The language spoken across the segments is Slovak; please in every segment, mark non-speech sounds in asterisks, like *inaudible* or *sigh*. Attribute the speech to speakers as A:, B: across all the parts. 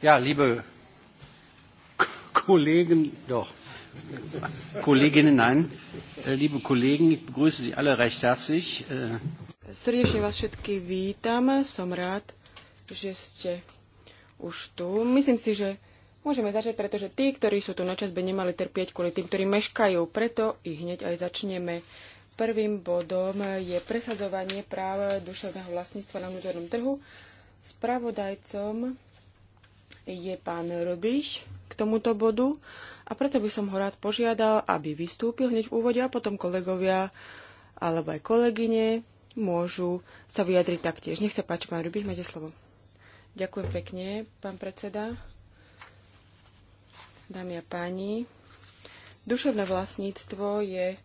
A: Ja, liebe Kollegen,
B: doch, Kolleginnen, nein, äh, liebe Kollegen, ich begrüße Sie
C: alle recht herzlich. Äh. Srdečne
A: vás všetky vítam. Som rád, že ste už tu. Myslím si, že môžeme začať, pretože tí, ktorí sú tu načas, by nemali trpieť kvôli tým, ktorí meškajú. Preto i hneď aj začneme. Prvým bodom je presadzovanie práv duševného vlastníctva na vnútornom trhu. Spravodajcom je pán Rubiš k tomuto bodu a preto by som ho rád požiadal, aby vystúpil hneď v úvode a potom kolegovia alebo aj kolegyne môžu sa vyjadriť taktiež. Nech sa páči, pán Rubiš, máte slovo. Ďakujem pekne, pán predseda. Dámy a páni, duševné vlastníctvo je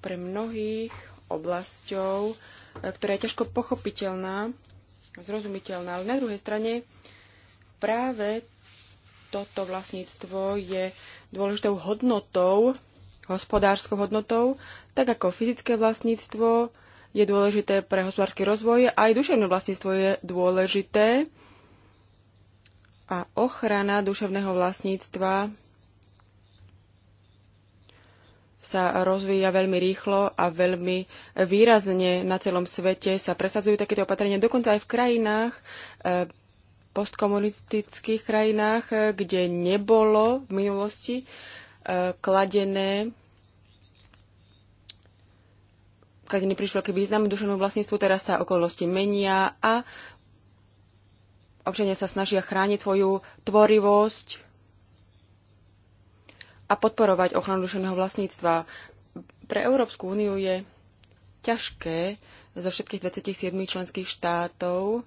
A: pre mnohých oblasťou, ktorá je ťažko pochopiteľná, zrozumiteľná, ale na druhej strane práve toto vlastníctvo je dôležitou hodnotou, hospodárskou hodnotou, tak ako fyzické vlastníctvo je dôležité pre hospodársky rozvoj, aj duševné vlastníctvo je dôležité a ochrana duševného vlastníctva sa rozvíja veľmi rýchlo a veľmi výrazne na celom svete sa presadzujú takéto opatrenia, dokonca aj v krajinách, eh, postkomunistických krajinách, eh, kde nebolo v minulosti eh, kladené kladený prišlo k významu duševnému vlastníctvu, teraz sa okolnosti menia a občania sa snažia chrániť svoju tvorivosť a podporovať ochranu duševného vlastníctva. Pre Európsku úniu je ťažké zo všetkých 27 členských štátov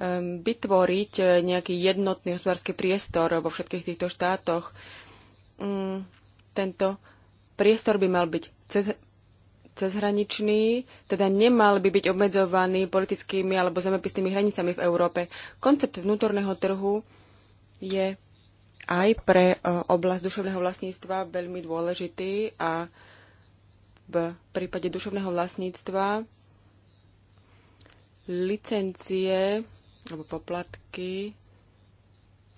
A: Ehm, vytvoriť eh, nejaký jednotný hospodársky priestor vo všetkých týchto štátoch. Mm, tento priestor by mal byť cez, cezhraničný, teda nemal by byť obmedzovaný politickými alebo zemepisnými hranicami v Európe. Koncept vnútorného trhu je aj pre eh, oblasť duševného vlastníctva veľmi dôležitý a v prípade duševného vlastníctva licencie alebo poplatky,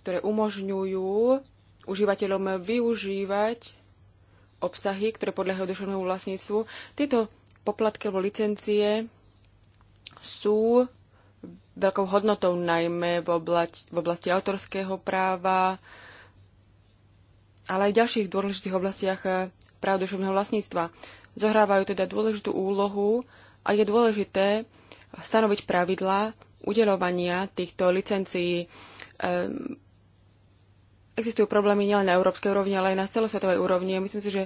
A: ktoré umožňujú užívateľom využívať obsahy, ktoré podľahajú duševnému vlastníctvu. Tieto poplatky alebo licencie sú veľkou hodnotou najmä v, oblasti, v oblasti autorského práva, ale aj v ďalších dôležitých oblastiach eh, práv duševného vlastníctva. Zohrávajú teda dôležitú úlohu a je dôležité stanoviť pravidlá, udelovania týchto licencií. Um, existujú problémy nielen na európskej úrovni, ale aj na celosvetovej úrovni. A myslím si, že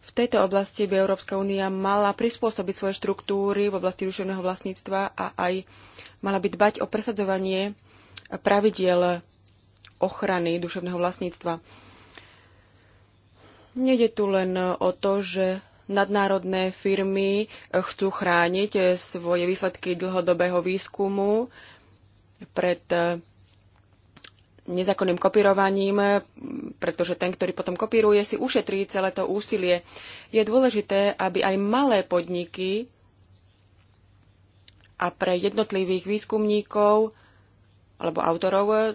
A: v tejto oblasti by Európska únia mala prispôsobiť svoje štruktúry v oblasti duševného vlastníctva a aj mala by dbať o presadzovanie pravidiel ochrany duševného vlastníctva. Nede tu len o to, že nadnárodné firmy eh, chcú chrániť eh, svoje výsledky dlhodobého výskumu pred eh, nezákonným kopírovaním, pretože ten, ktorý potom kopíruje, si ušetrí celé to úsilie. Je dôležité, aby aj malé podniky a pre jednotlivých výskumníkov alebo autorov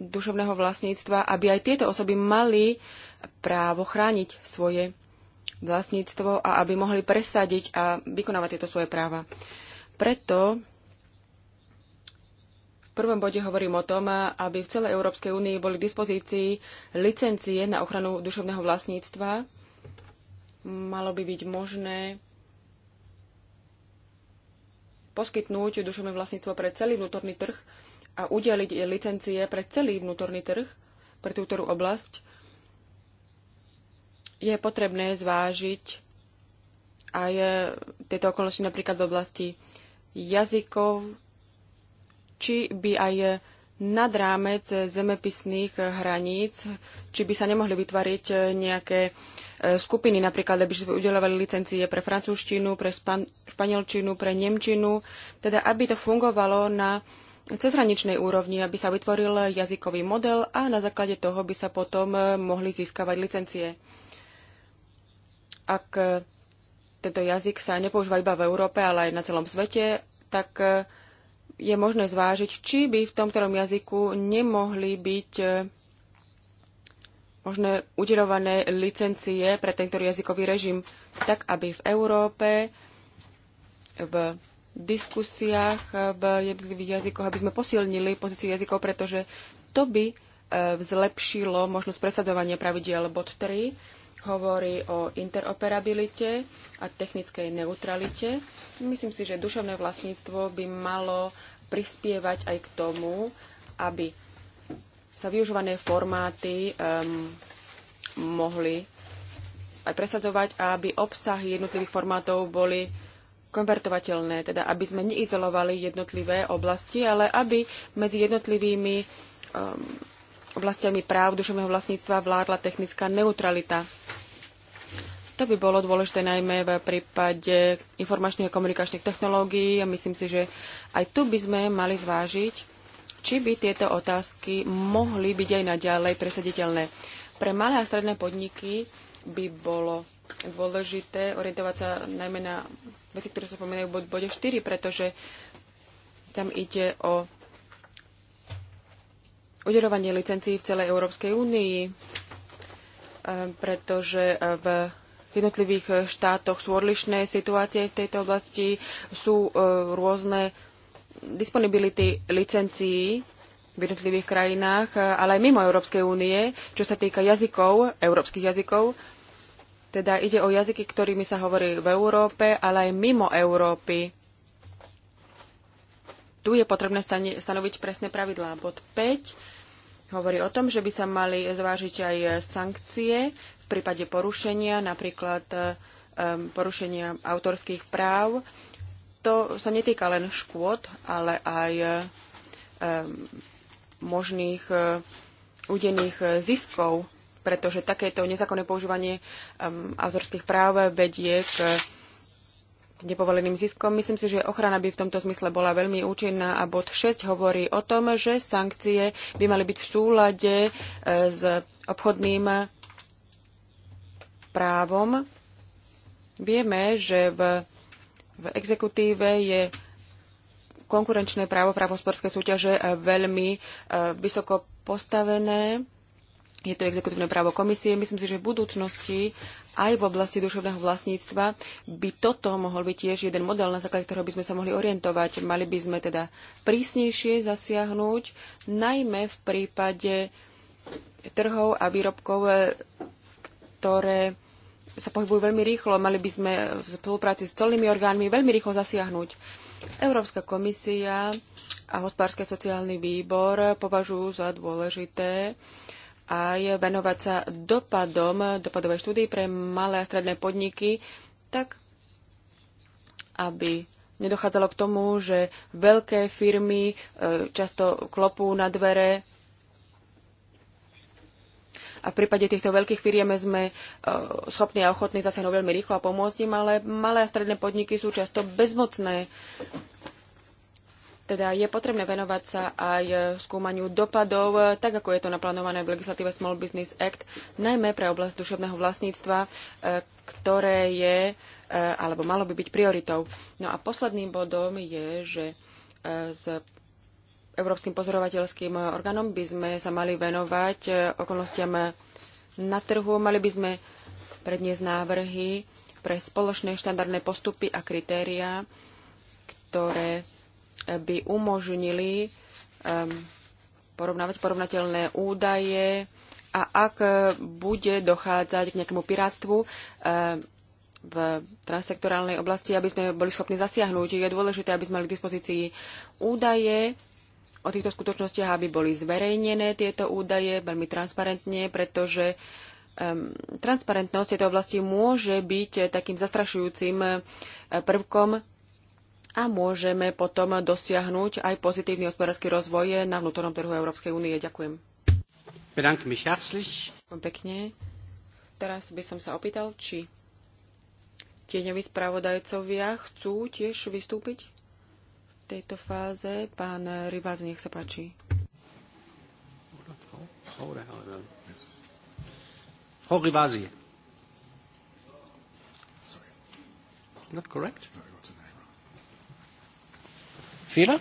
A: duševného vlastníctva, aby aj tieto osoby mali právo chrániť svoje vlastníctvo a aby mohli presadiť a vykonávať tieto svoje práva. Preto v prvom bode hovorím o tom, aby v celej Európskej únii boli k dispozícii licencie na ochranu duševného vlastníctva. Malo by byť možné poskytnúť duševné vlastníctvo pre celý vnútorný trh a udeliť licencie pre celý vnútorný trh pre túto oblasť je potrebné zvážiť aj e, tieto okolnosti napríklad v oblasti jazykov, či by aj nad rámec zemepisných hraníc, či by sa nemohli vytvoriť e, nejaké e, skupiny, napríklad, aby sme udelovali licencie pre francúzštinu, pre španielčinu, pre nemčinu, teda aby to fungovalo na cezhraničnej úrovni, aby sa vytvoril jazykový model a na základe toho by sa potom mohli získavať licencie. Ak eh, tento jazyk sa nepoužíva iba v Európe, ale aj na celom svete, tak eh, je možné zvážiť, či by v tomto, ktorom jazyku nemohli byť eh, možné udelované licencie pre tento jazykový režim, tak aby v Európe v diskusiách v jednotlivých jazykoch, aby sme posilnili pozíciu jazykov, pretože to by zlepšilo možnosť presadzovania pravidiel bod 3 hovorí o interoperabilite a technickej neutralite. Myslím si, že duševné vlastníctvo by malo prispievať aj k tomu, aby sa využívané formáty um, mohli aj presadzovať a aby obsahy jednotlivých formátov boli konvertovateľné, teda aby sme neizolovali jednotlivé oblasti, ale aby medzi jednotlivými um, oblastiami práv duševného vlastníctva vládla technická neutralita. To by bolo dôležité najmä v prípade informačných a komunikačných technológií a myslím si, že aj tu by sme mali zvážiť, či by tieto otázky mohli byť aj naďalej presaditeľné. Pre malé a stredné podniky by bolo dôležité orientovať sa najmä na veci, ktoré sa pomenajú v bod, bode 4, pretože tam ide o udelovanie licencií v celej Európskej únii, eh, pretože eh, v jednotlivých štátoch sú odlišné situácie v tejto oblasti, sú eh, rôzne disponibility licencií v jednotlivých krajinách, ale aj mimo Európskej únie, čo sa týka jazykov, európskych jazykov. Teda ide o jazyky, ktorými sa hovorí v Európe, ale aj mimo Európy. Tu je potrebné stanoviť presné pravidlá. Bod 5 hovorí o tom, že by sa mali zvážiť aj sankcie v prípade porušenia, napríklad e, porušenia autorských práv. To sa netýka len škôd, ale aj e, možných e, udených ziskov, pretože takéto nezákonné používanie autorských práv vedie k nepovoleným ziskom. Myslím si, že ochrana by v tomto zmysle bola veľmi účinná a bod 6 hovorí o tom, že sankcie by mali byť v súlade e, s obchodným právom. Vieme, že v, v exekutíve je konkurenčné právo, právo sporskej súťaže e, veľmi e, vysoko postavené. Je to exekutívne právo komisie. Myslím si, že v budúcnosti aj v oblasti duševného vlastníctva by toto mohol byť tiež jeden model, na základe ktorého by sme sa mohli orientovať. Mali by sme teda prísnejšie zasiahnuť, najmä v prípade trhov a výrobkov, e, ktoré sa pohybujú veľmi rýchlo. Mali by sme v spolupráci s celnými orgánmi veľmi rýchlo zasiahnuť. Európska komisia a hospodársky sociálny výbor považujú za dôležité aj venovať sa dopadom, dopadovej štúdii pre malé a stredné podniky, tak aby nedochádzalo k tomu, že veľké firmy e, často klopú na dvere a v prípade týchto veľkých firiem sme e, schopní a ochotní zasiahnuť veľmi rýchlo a pomôcť im, ale malé a stredné podniky sú často bezmocné teda je potrebné venovať sa aj e, skúmaniu dopadov, e, tak ako je to naplánované v legislatíve Small Business Act, najmä pre oblasť duševného vlastníctva, e, ktoré je alebo malo by byť prioritou. No a posledným bodom je, že s Európskym pozorovateľským orgánom by sme sa mali venovať okolnostiam na trhu, mali by sme predniesť návrhy pre spoločné štandardné postupy a kritériá, ktoré by umožnili porovnávať porovnateľné údaje a ak bude dochádzať k nejakému pirátstvu v transsektorálnej oblasti, aby sme boli schopní zasiahnuť. Je dôležité, aby sme mali k dispozícii údaje o týchto skutočnostiach, aby boli zverejnené tieto údaje veľmi transparentne, pretože transparentnosť tejto oblasti môže byť takým zastrašujúcim eh, prvkom a môžeme potom dosiahnuť aj pozitívny hospodársky rozvoj na vnútornom trhu Európskej únie. Ďakujem. Bedanke mich herzlich. Pekne. Teraz by som sa opýtal, či tieňoví spravodajcovia chcú tiež vystúpiť v tejto fáze. Pán Rybáz, nech sa páči. Frau Rivasi. Not correct? No. Fehler?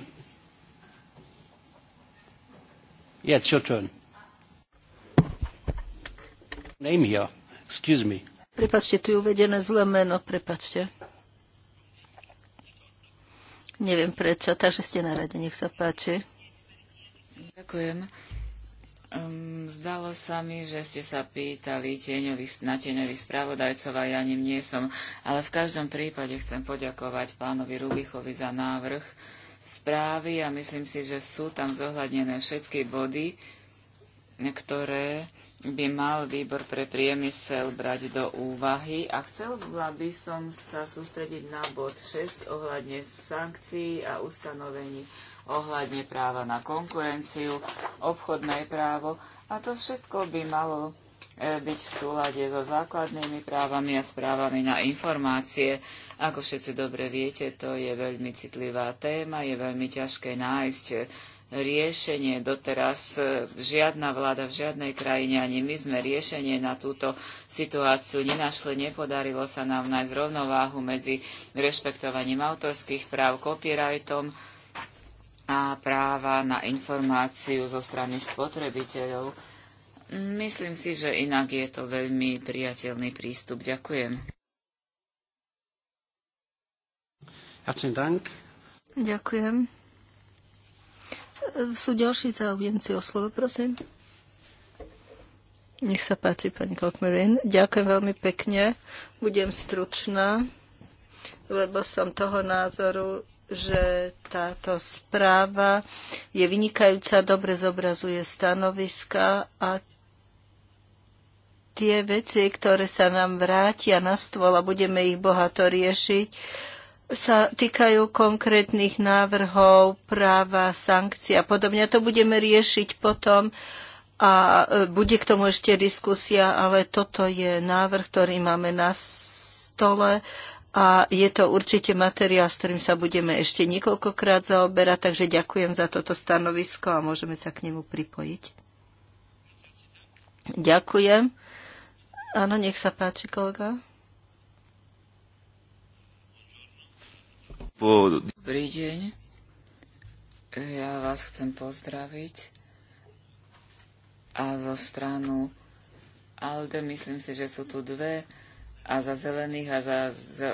A: Yeah, it's your turn.
C: Name here. Excuse me.
B: Prepačte, tu je uvedené zlé meno, prepačte. Neviem prečo, takže ste na rade, nech sa páči.
C: Ďakujem. Um, zdalo sa mi, že ste sa pýtali tieňových, na tieňových spravodajcov a ja ním nie som, ale v každom prípade chcem poďakovať pánovi Rubichovi za návrh, správy a myslím si, že sú tam zohľadnené všetky body, ktoré by mal výbor pre priemysel brať do úvahy. A chcela by som sa sústrediť na bod 6 ohľadne sankcií a ustanovení ohľadne práva na konkurenciu, obchodné právo. A to všetko by malo E, byť v súlade so základnými právami a správami na informácie. Ako všetci dobre viete, to je veľmi citlivá téma, je veľmi ťažké nájsť riešenie. Doteraz e, žiadna vláda v žiadnej krajine, ani my sme riešenie na túto situáciu nenašli. Nepodarilo sa nám nájsť rovnováhu medzi rešpektovaním autorských práv, copyrightom a práva na informáciu zo strany spotrebiteľov Myslím si, že inak je to veľmi priateľný prístup. Ďakujem.
B: Ďakujem. Sú ďalší záujemci o slovo, prosím. Nech sa páči, pani Kokmerin. Ďakujem veľmi pekne. Budem stručná, lebo som toho názoru, že táto správa je vynikajúca, dobre zobrazuje stanoviska a tie veci, ktoré sa nám vrátia na stôl a budeme ich bohato riešiť, sa týkajú konkrétnych návrhov, práva, sankcií a podobne. To budeme riešiť potom a e, bude k tomu ešte diskusia, ale toto je návrh, ktorý máme na stole a je to určite materiál, s ktorým sa budeme ešte niekoľkokrát zaoberať, takže ďakujem za toto stanovisko a môžeme sa k nemu pripojiť. Ďakujem. Áno, nech sa páči, kolega.
C: Dobrý deň. Ja vás chcem pozdraviť. A zo stranu ALDE myslím si, že sú tu dve a za zelených a za, za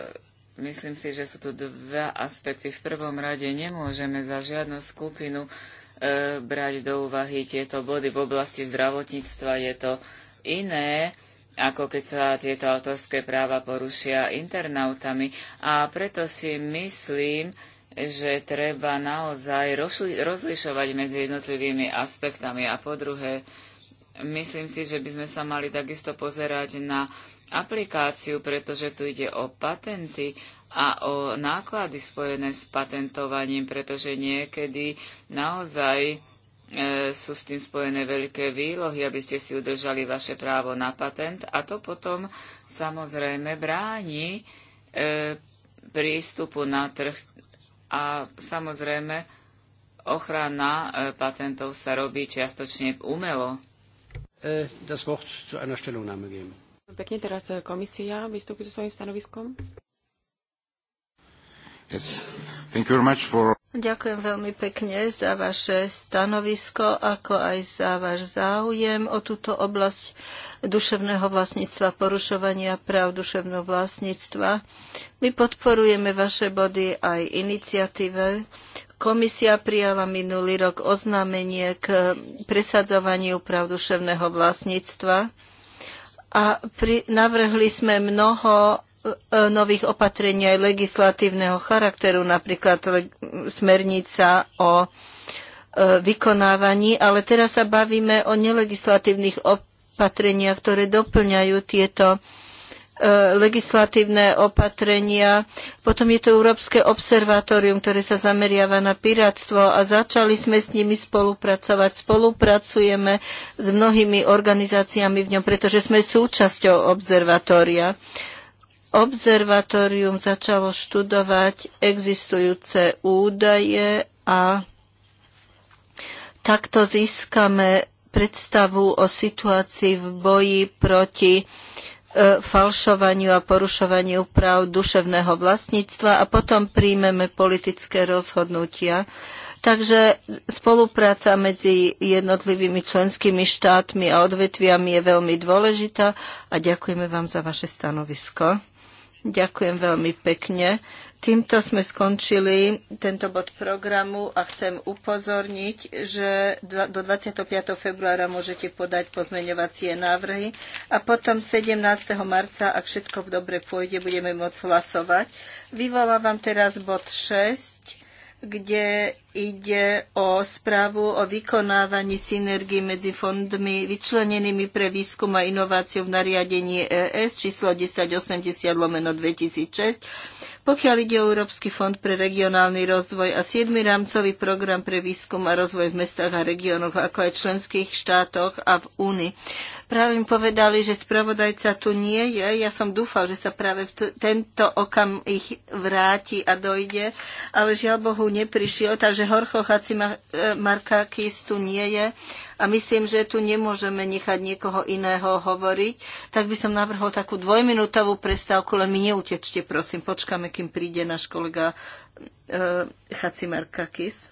C: myslím si, že sú tu dva aspekty. V prvom rade nemôžeme za žiadnu skupinu e, brať do úvahy tieto body v oblasti zdravotníctva. Je to iné ako keď sa tieto autorské práva porušia internautami. A preto si myslím, že treba naozaj rozlišovať medzi jednotlivými aspektami. A po druhé, myslím si, že by sme sa mali takisto pozerať na aplikáciu, pretože tu ide o patenty a o náklady spojené s patentovaním, pretože niekedy naozaj E, sú s tým spojené veľké výlohy, aby ste si udržali vaše právo na patent a to potom samozrejme bráni e, prístupu na trh a samozrejme ochrana e, patentov sa robí čiastočne umelo.
A: E, das Wort zu einer Stellungnahme geben. Pekne teraz e, komisia vystúpi so svojím stanoviskom.
B: Yes. Thank you very much for... Ďakujem veľmi pekne za vaše stanovisko, ako aj za váš záujem o túto oblasť duševného vlastníctva, porušovania práv duševného vlastníctva. My podporujeme vaše body aj iniciatíve. Komisia prijala minulý rok oznámenie k presadzovaniu práv duševného vlastníctva a pri, navrhli sme mnoho E, nových opatrení aj legislatívneho charakteru, napríklad smernica o e, vykonávaní, ale teraz sa bavíme o nelegislatívnych opatreniach, ktoré doplňajú tieto e, legislatívne opatrenia. Potom je to Európske observatórium, ktoré sa zameriava na piráctvo a začali sme s nimi spolupracovať. Spolupracujeme s mnohými organizáciami v ňom, pretože sme súčasťou observatória. Obzervatórium začalo študovať existujúce údaje a takto získame predstavu o situácii v boji proti e, falšovaniu a porušovaniu práv duševného vlastníctva a potom príjmeme politické rozhodnutia. Takže spolupráca medzi jednotlivými členskými štátmi a odvetviami je veľmi dôležitá a ďakujeme vám za vaše stanovisko. Ďakujem veľmi pekne. Týmto sme skončili tento bod programu a chcem upozorniť, že do 25. februára môžete podať pozmeňovacie návrhy a potom 17. marca, ak všetko dobre pôjde, budeme môcť hlasovať. Vyvolávam teraz bod 6 kde ide o správu o vykonávaní synergii medzi fondmi vyčlenenými pre výskum a inováciu v nariadení ES číslo 1080 lomeno 2006 pokiaľ ide o Európsky fond pre regionálny rozvoj a 7. rámcový program pre výskum a rozvoj v mestách a regiónoch, ako aj členských štátoch a v Únii. Práve mi povedali, že spravodajca tu nie je. Ja som dúfal, že sa práve v tento okam ich vráti a dojde, ale žiaľ Bohu neprišiel, takže Horcho Hacima e, Markakis tu nie je a myslím, že tu nemôžeme nechať niekoho iného hovoriť, tak by som navrhol takú dvojminútovú prestávku, len mi neutečte, prosím, počkáme, kým príde náš kolega e, eh, Kakis.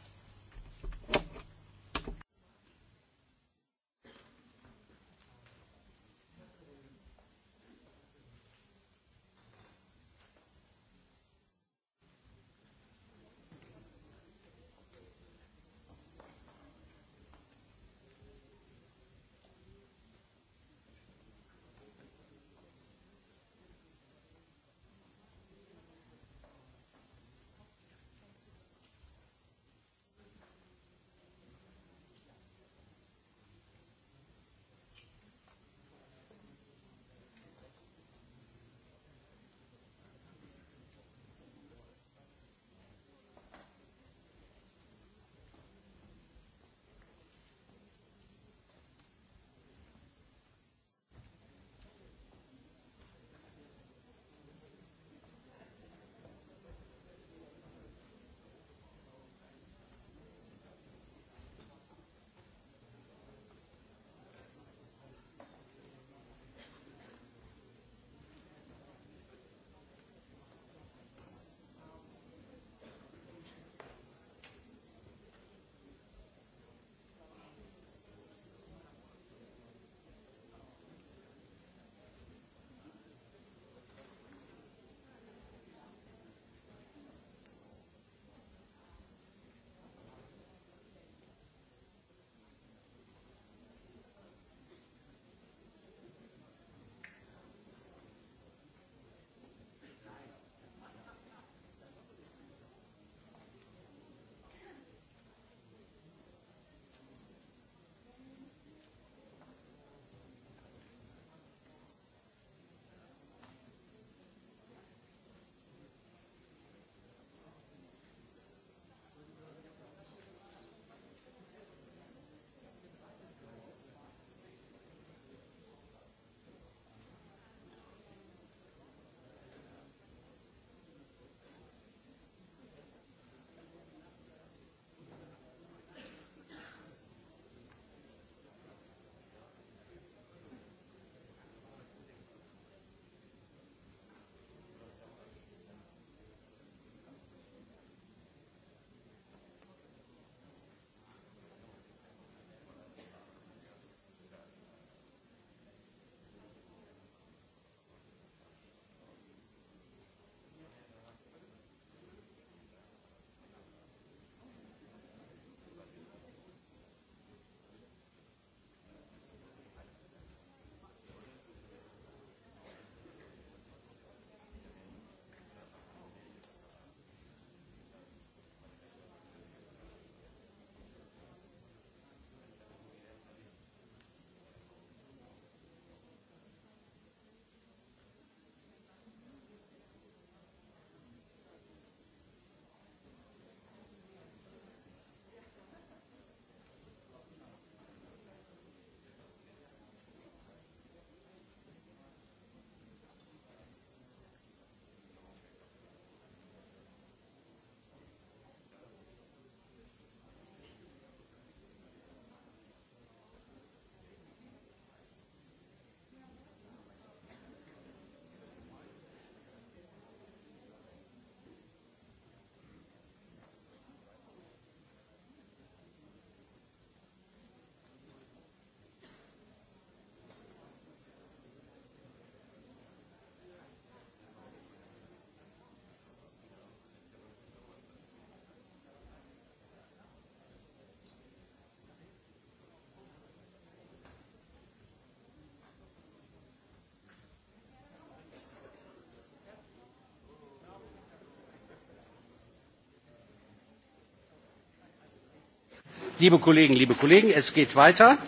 B: Liebe Kollegen, liebe Kollegen, es geht weiter.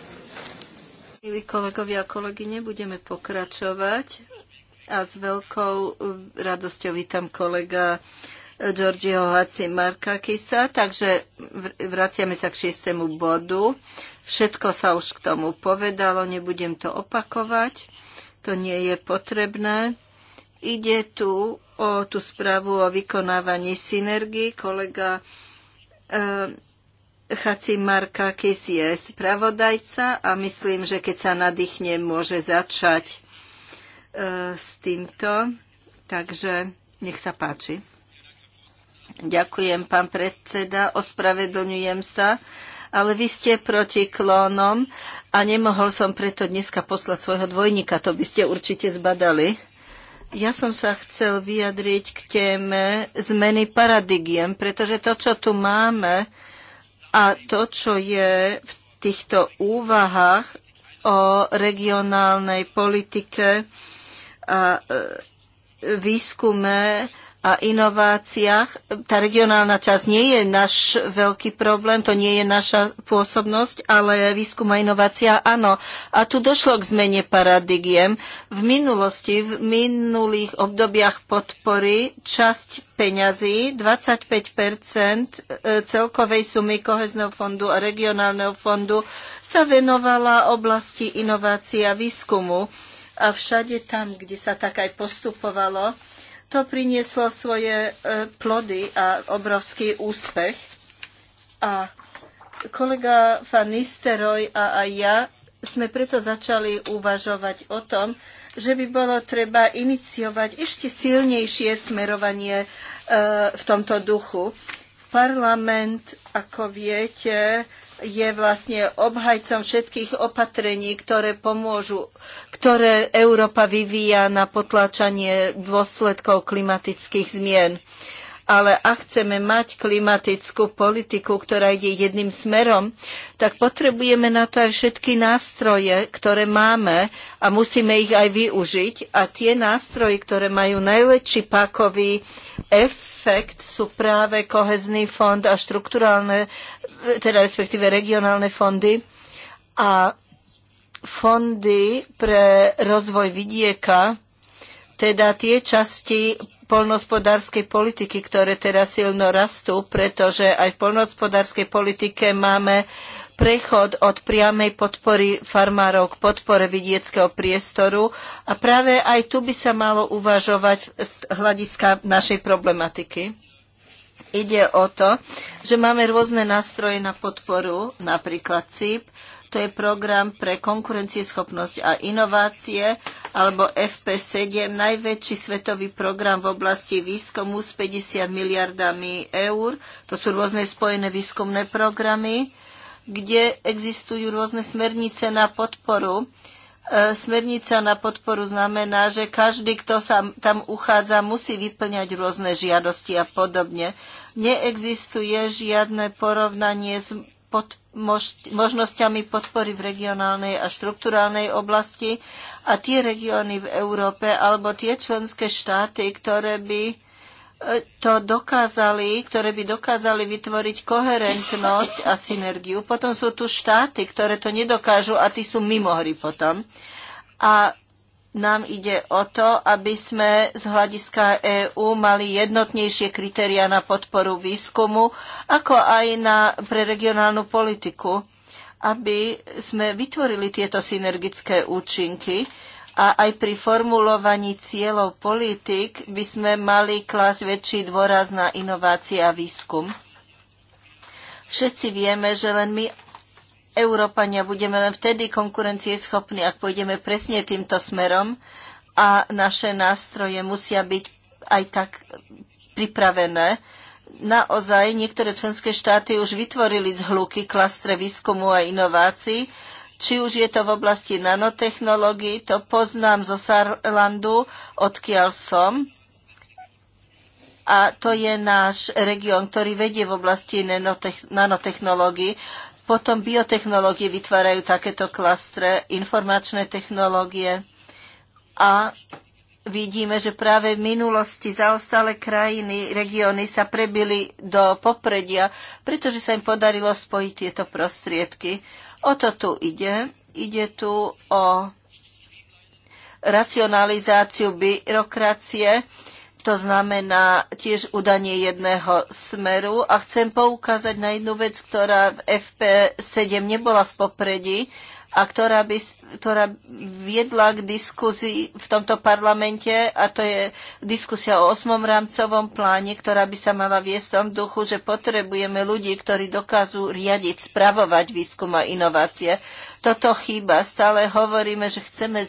B: Milí kolegovia a kolegyne, budeme pokračovať a s veľkou eh, radosťou vítam kolega eh, Giorgio Haci Markakisa. Takže vraciame sa k šiestému bodu. Všetko sa už k tomu povedalo, nebudem to opakovať. To nie je potrebné. Ide tu o tú správu o vykonávaní synergii. Kolega e, Marka Kis je spravodajca a myslím, že keď sa nadýchne, môže začať e, s týmto. Takže nech sa páči. Ďakujem, pán predseda. Ospravedlňujem sa, ale vy ste proti klónom a nemohol som preto dneska poslať svojho dvojníka. To by ste určite zbadali. Ja som sa chcel vyjadriť k téme zmeny paradigiem, pretože to, čo tu máme, a to, čo je v týchto úvahách o regionálnej politike a e, výskume, a inováciách. Tá regionálna časť nie je náš veľký problém, to nie je naša pôsobnosť, ale výskum a inovácia áno. A tu došlo k zmene paradigiem. V minulosti, v minulých obdobiach podpory časť peňazí, 25 e, celkovej sumy kohezného fondu a regionálneho fondu sa venovala oblasti inovácia a výskumu. A všade tam, kde sa tak aj postupovalo, to prinieslo svoje e, plody a obrovský úspech. A kolega Van Nisteroj a aj ja sme preto začali uvažovať o tom, že by bolo treba iniciovať ešte silnejšie smerovanie e, v tomto duchu. Parlament, ako viete, je vlastne obhajcom všetkých opatrení, ktoré pomôžu ktoré Európa vyvíja na potláčanie dôsledkov klimatických zmien. Ale ak chceme mať klimatickú politiku, ktorá ide jedným smerom, tak potrebujeme na to aj všetky nástroje, ktoré máme a musíme ich aj využiť. A tie nástroje, ktoré majú najlepší pákový efekt, sú práve kohezný fond a štrukturálne, e, teda respektíve regionálne fondy. A fondy pre rozvoj vidieka, teda tie časti poľnohospodárskej politiky, ktoré teraz silno rastú, pretože aj v poľnohospodárskej politike máme prechod od priamej podpory farmárov k podpore vidieckého priestoru a práve aj tu by sa malo uvažovať z hľadiska našej problematiky. Ide o to, že máme rôzne nástroje na podporu, napríklad CIP, to je program pre konkurencieschopnosť a inovácie, alebo FP7, najväčší svetový program v oblasti výskumu s 50 miliardami eur. To sú rôzne spojené výskumné programy, kde existujú rôzne smernice na podporu e, smernica na podporu znamená, že každý, kto sa tam uchádza, musí vyplňať rôzne žiadosti a podobne. Neexistuje žiadne porovnanie s pod možnosťami podpory v regionálnej a štruktúrálnej oblasti a tie regióny v Európe alebo tie členské štáty, ktoré by e, to dokázali, ktoré by dokázali vytvoriť koherentnosť a synergiu. Potom sú tu štáty, ktoré to nedokážu a tí sú mimo hry potom. A nám ide o to, aby sme z hľadiska EÚ mali jednotnejšie kritéria na podporu výskumu, ako aj na, pre regionálnu politiku, aby sme vytvorili tieto synergické účinky a aj pri formulovaní cieľov politik by sme mali klásť väčší dôraz na inovácie a výskum. Všetci vieme, že len my Európania budeme len vtedy konkurencieschopní, ak pôjdeme presne týmto smerom a naše nástroje musia byť aj tak pripravené. Naozaj niektoré členské štáty už vytvorili zhluky klastre výskumu a inovácií, či už je to v oblasti nanotechnológií, to poznám zo Sarlandu, odkiaľ som. A to je náš región, ktorý vedie v oblasti nanotechnológií. Potom biotechnológie vytvárajú takéto klastre, informačné technológie a vidíme, že práve v minulosti zaostalé krajiny, regióny sa prebili do popredia, pretože sa im podarilo spojiť tieto prostriedky. O to tu ide. Ide tu o racionalizáciu byrokracie, to znamená tiež udanie jedného smeru a chcem poukázať na jednu vec, ktorá v FP7 nebola v popredí a ktorá, by, ktorá viedla k diskuzii v tomto parlamente a to je diskusia o osmom rámcovom pláne, ktorá by sa mala viesť v tom duchu, že potrebujeme ľudí, ktorí dokážu riadiť, spravovať výskum a inovácie. Toto chýba. Stále hovoríme, že chceme e,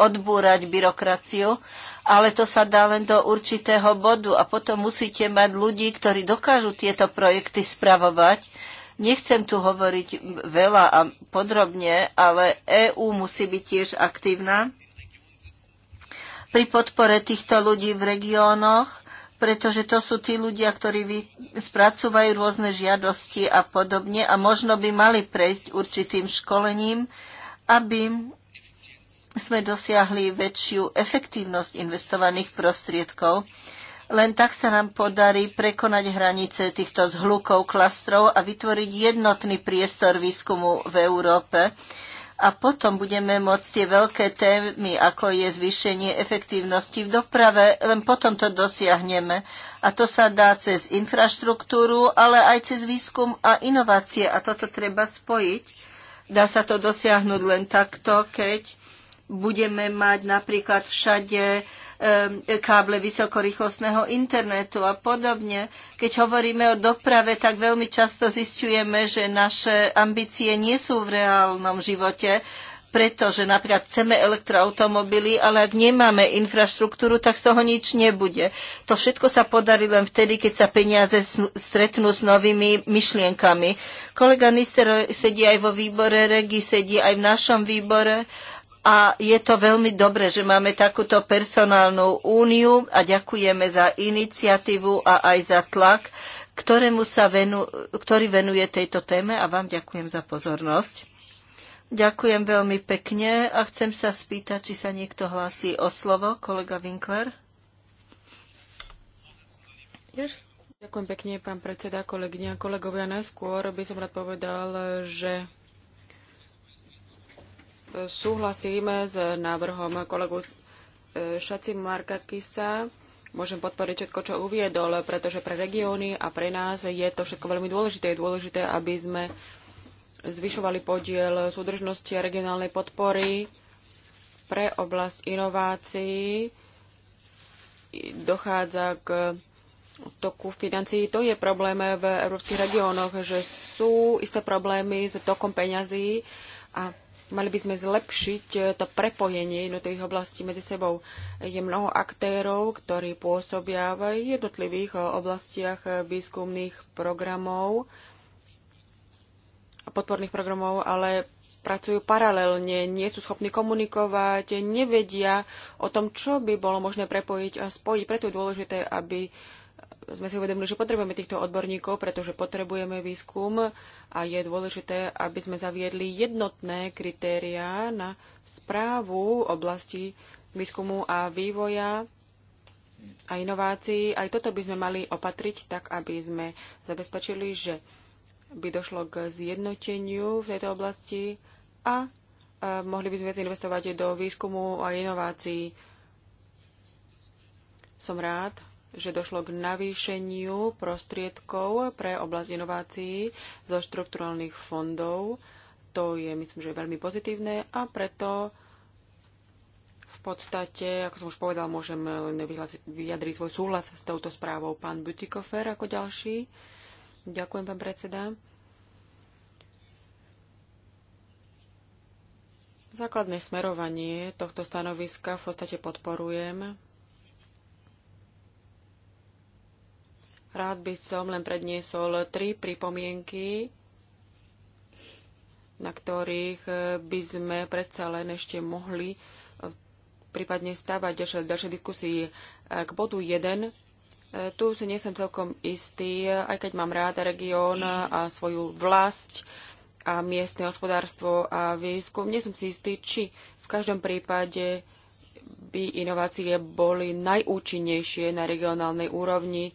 B: odbúrať byrokraciu, ale to sa dá len do určitého bodu a potom musíte mať ľudí, ktorí dokážu tieto projekty spravovať. Nechcem tu hovoriť veľa a podrobne, ale EÚ musí byť tiež aktívna pri podpore týchto ľudí v regiónoch, pretože to sú tí ľudia, ktorí spracúvajú rôzne žiadosti a podobne a možno by mali prejsť určitým školením, aby sme dosiahli väčšiu efektívnosť investovaných prostriedkov. Len tak sa nám podarí prekonať hranice týchto zhlukov klastrov a vytvoriť jednotný priestor výskumu v Európe. A potom budeme môcť tie veľké témy, ako je zvýšenie efektívnosti v doprave, len potom to dosiahneme. A to sa dá cez infraštruktúru, ale aj cez výskum a inovácie. A toto treba spojiť. Dá sa to dosiahnuť len takto, keď budeme mať napríklad všade káble vysokorýchlostného internetu a podobne. Keď hovoríme o doprave, tak veľmi často zistujeme, že naše ambície nie sú v reálnom živote, pretože napríklad chceme elektroautomobily, ale ak nemáme infraštruktúru, tak z toho nič nebude. To všetko sa podarí len vtedy, keď sa peniaze stretnú s novými myšlienkami. Kolega Nister sedí aj vo výbore, Regi sedí aj v našom výbore a je to veľmi dobré, že máme takúto personálnu úniu a ďakujeme za iniciatívu a aj za tlak, ktorému sa venu, ktorý venuje tejto téme a vám ďakujem za pozornosť. Ďakujem veľmi pekne a chcem sa spýtať, či sa niekto hlási o slovo. Kolega Winkler.
A: Ďakujem pekne, pán predseda, kolegyňa, kolegovia. Najskôr by som rád povedal, že Súhlasím s návrhom kolegu e, Šaci Marka Kisa. Môžem podporiť všetko, čo uviedol, pretože pre regióny a pre nás je to všetko veľmi dôležité. Je dôležité, aby sme zvyšovali podiel súdržnosti a regionálnej podpory pre oblasť inovácií. Dochádza k toku financií. To je problém v európskych regiónoch, že sú isté problémy s tokom peňazí a Mali by sme zlepšiť e, to prepojenie jednotlivých oblastí medzi sebou. Je mnoho aktérov, ktorí pôsobia v jednotlivých e, oblastiach e, výskumných programov a podporných programov, ale pracujú paralelne, nie sú schopní komunikovať, nevedia o tom, čo by bolo možné prepojiť a spojiť. Preto je dôležité, aby sme si uvedomili, že potrebujeme týchto odborníkov, pretože potrebujeme výskum a je dôležité, aby sme zaviedli jednotné kritériá na správu oblasti výskumu a vývoja a inovácií. Aj toto by sme mali opatriť tak, aby sme zabezpečili, že by došlo k zjednoteniu v tejto oblasti a e, mohli by sme viac investovať do výskumu a inovácií. Som rád, že došlo k navýšeniu prostriedkov pre oblasť inovácií zo štrukturálnych fondov. To je, myslím, že veľmi pozitívne a preto v podstate, ako som už povedal, môžem vyjadriť svoj súhlas s touto správou pán Butikofer ako ďalší. Ďakujem, pán predseda. Základné smerovanie tohto stanoviska v podstate podporujem Rád by som len predniesol tri pripomienky, na ktorých eh, by sme predsa len ešte mohli eh, prípadne stávať ďalšie, ďalšie diskusie. Eh, k bodu 1 tu si nie som celkom istý, aj keď mám rád región a svoju vlast a miestne hospodárstvo a výskum, nie som si istý, či v každom prípade by inovácie boli najúčinnejšie na regionálnej úrovni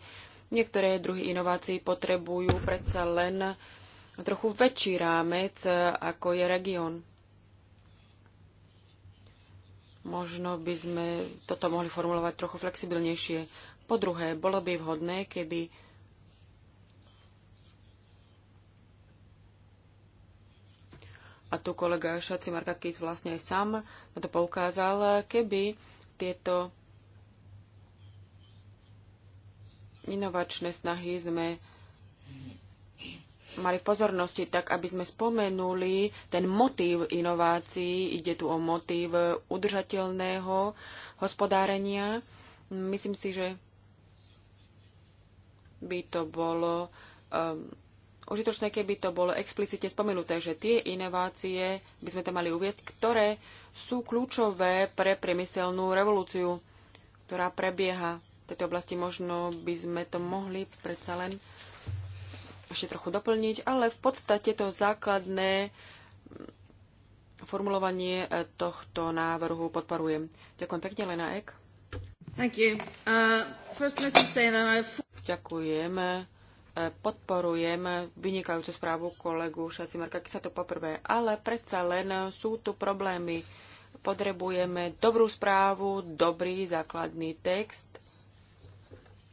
A: Niektoré druhy inovácií potrebujú predsa len trochu väčší rámec, ako je región. Možno by sme toto mohli formulovať trochu flexibilnejšie. Po druhé, bolo by vhodné, keby a tu kolega Šaci Markakis vlastne aj sám na to poukázal, keby tieto inovačné snahy sme mali v pozornosti tak, aby sme spomenuli ten motív inovácií. Ide tu o motív udržateľného hospodárenia. Myslím si, že by to bolo um, užitočné, keby to bolo explicite spomenuté, že tie inovácie, by sme to mali uvieť, ktoré sú kľúčové pre priemyselnú revolúciu, ktorá prebieha tejto oblasti. Možno by sme to mohli predsa len ešte trochu doplniť, ale v podstate to základné formulovanie e, tohto návrhu podporujem. Ďakujem pekne, Lena Ek. Thank you. Uh, first let me say that Ďakujem. E, podporujem vynikajúcu správu kolegu Šacimarka, keď sa to poprvé, ale predsa len sú tu problémy. Potrebujeme dobrú správu, dobrý základný text,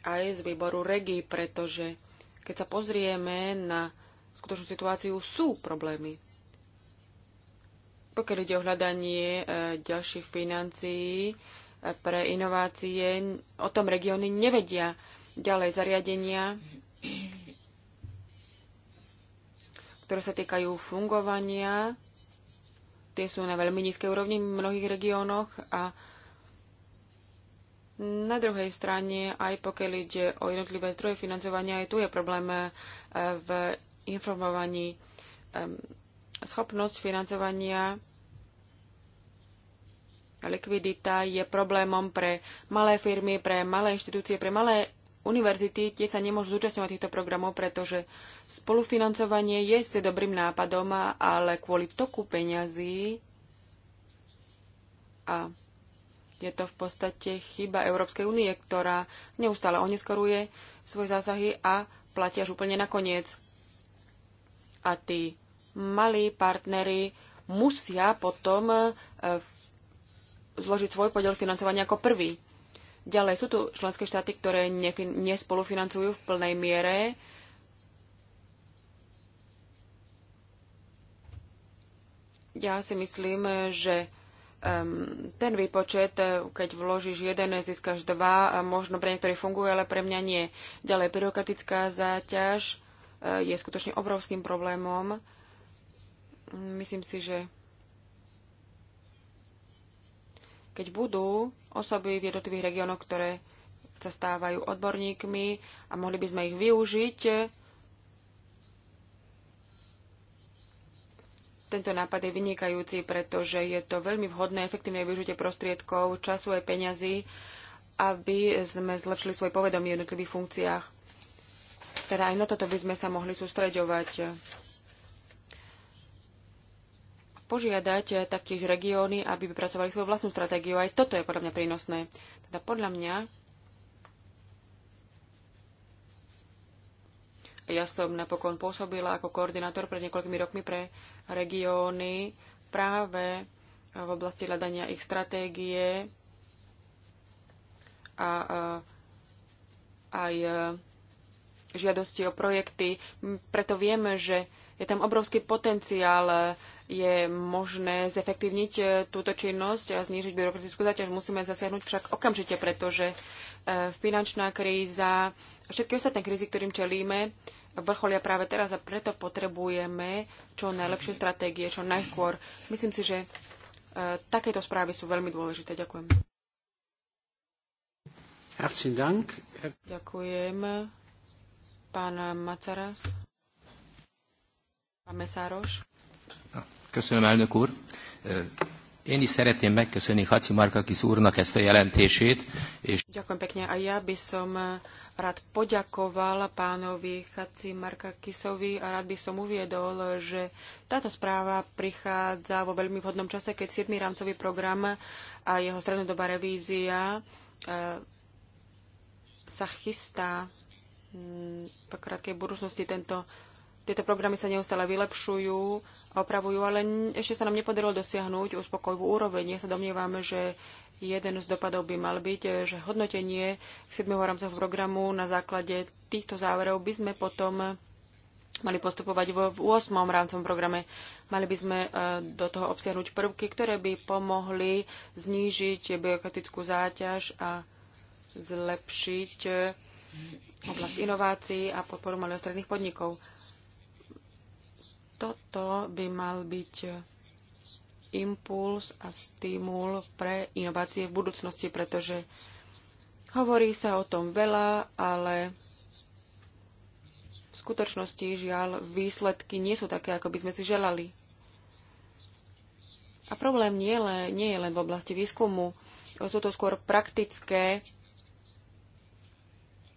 A: aj z výboru REGI, pretože keď sa pozrieme na skutočnú situáciu, sú problémy. Pokiaľ ide o hľadanie e, ďalších financií e, pre inovácie, o tom regióny nevedia ďalej zariadenia, ktoré sa týkajú fungovania. Tie sú na veľmi nízkej úrovni v mnohých regiónoch a na druhej strane, aj pokiaľ ide o jednotlivé zdroje financovania, aj tu je problém eh, v informovaní. Schopnosť financovania likvidita je problémom pre malé firmy, pre malé inštitúcie, pre malé univerzity, tie sa nemôžu zúčastňovať týchto programov, pretože spolufinancovanie je s dobrým nápadom, ale kvôli toku peňazí a je to v podstate chyba Európskej únie, ktorá neustále oneskoruje svoje zásahy a platia až úplne nakoniec. A tí malí partnery musia potom e, zložiť svoj podiel financovania ako prvý. Ďalej sú tu členské štáty, ktoré nespolufinancujú v plnej miere. Ja si myslím, že um, ten výpočet, e, keď vložíš jeden, získaš dva, možno pre niektorých funguje, ale pre mňa nie. Ďalej, byrokratická záťaž e, je skutočne obrovským problémom. Myslím si, že keď budú osoby v jednotlivých regiónoch, ktoré sa stávajú odborníkmi a mohli by sme ich využiť, Tento nápad je vynikajúci, pretože je to veľmi vhodné, efektívne využitie prostriedkov, času aj peňazí, aby sme zlepšili svoje povedomie v jednotlivých funkciách. Teda aj na toto by sme sa mohli sústreďovať. Požiadať taktiež regióny, aby vypracovali svoju vlastnú stratégiu. Aj toto je podľa mňa prínosné. Teda podľa mňa Ja som napokon pôsobila ako koordinátor pred niekoľkými rokmi pre regióny práve v oblasti hľadania ich stratégie a, aj e, žiadosti o projekty. Preto vieme, že je tam obrovský potenciál je možné zefektívniť e, túto činnosť a znížiť byrokratickú záťaž. Musíme zasiahnuť však okamžite, pretože e, finančná kríza a všetky ostatné krízy, ktorým čelíme, vrcholia práve teraz a preto potrebujeme čo najlepšie stratégie, čo najskôr. Myslím si, že e, takéto správy sú veľmi dôležité. Ďakujem. Ďakujem. Pán Macaras. Pán Mesároš.
B: Köszönöm, elnök úr. Én is szeretném megköszönni Haci Markakis úrnak ezt a jelentését. És...
A: Ďakujem pekne. A ja by som rád poďakoval pánovi Haci Markakisovi a rád by som uviedol, že táto správa prichádza vo veľmi vhodnom čase, keď 7. rámcový program a jeho strednodobá revízia sa chystá po krátkej budúcnosti tento tieto programy sa neustále vylepšujú, opravujú, ale ešte sa nám nepodarilo dosiahnuť uspokojivú úroveň. Ja sa domnievame, že jeden z dopadov by mal byť, že hodnotenie 7. rámcového programu na základe týchto záverov by sme potom mali postupovať v 8. rámcom programe. Mali by sme e, do toho obsiahnuť prvky, ktoré by pomohli znížiť byrokratickú záťaž a zlepšiť e, oblasť inovácií a podporu malých stredných podnikov. Toto by mal byť impuls a stimul pre inovácie v budúcnosti, pretože hovorí sa o tom veľa, ale v skutočnosti žiaľ výsledky nie sú také, ako by sme si želali. A problém nie, nie je len v oblasti výskumu. Sú to skôr praktické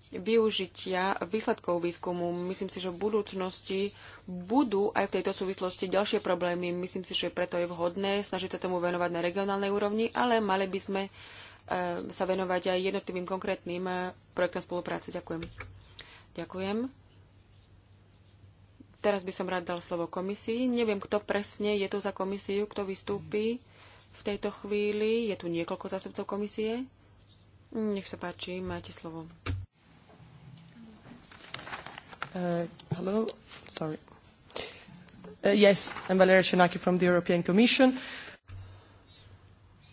A: využitia výsledkov výskumu. Myslím si, že v budúcnosti budú aj v tejto súvislosti ďalšie problémy. Myslím si, že preto je vhodné snažiť sa tomu venovať na regionálnej úrovni, ale mali by sme e, sa venovať aj jednotlivým konkrétnym e, projektom spolupráce. Ďakujem. Ďakujem. Teraz by som rád dal slovo komisii. Neviem, kto presne je tu za komisiu, kto vystúpi v tejto chvíli. Je tu niekoľko zástupcov komisie. Nech sa páči, máte slovo. Uh, hello, sorry. Uh, yes, I'm Valeria from the European Commission.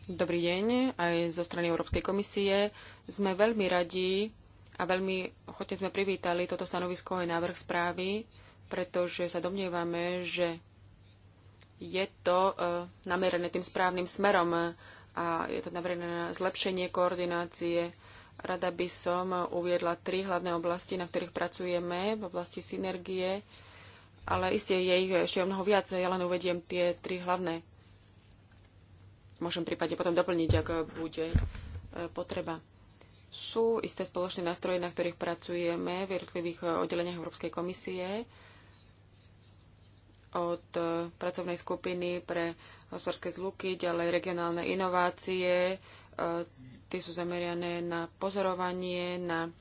A: Dobrý deň, aj zo strany Európskej komisie. Sme veľmi radi a veľmi ochotne sme privítali toto stanovisko aj návrh správy, pretože sa domnievame, že je to uh, namerené tým správnym smerom a je to namerené na zlepšenie koordinácie Rada by som uviedla tri hlavné oblasti, na ktorých pracujeme v oblasti synergie, ale iste je ich ešte mnoho viac, ja len uvediem tie tri hlavné. Môžem prípadne potom doplniť, ak bude e, potreba. Sú isté spoločné nástroje, na ktorých pracujeme v jednotlivých e, oddeleniach Európskej komisie od e, pracovnej skupiny pre hospodárske zluky, ďalej regionálne inovácie, Tie sú zameriané na pozorovanie, na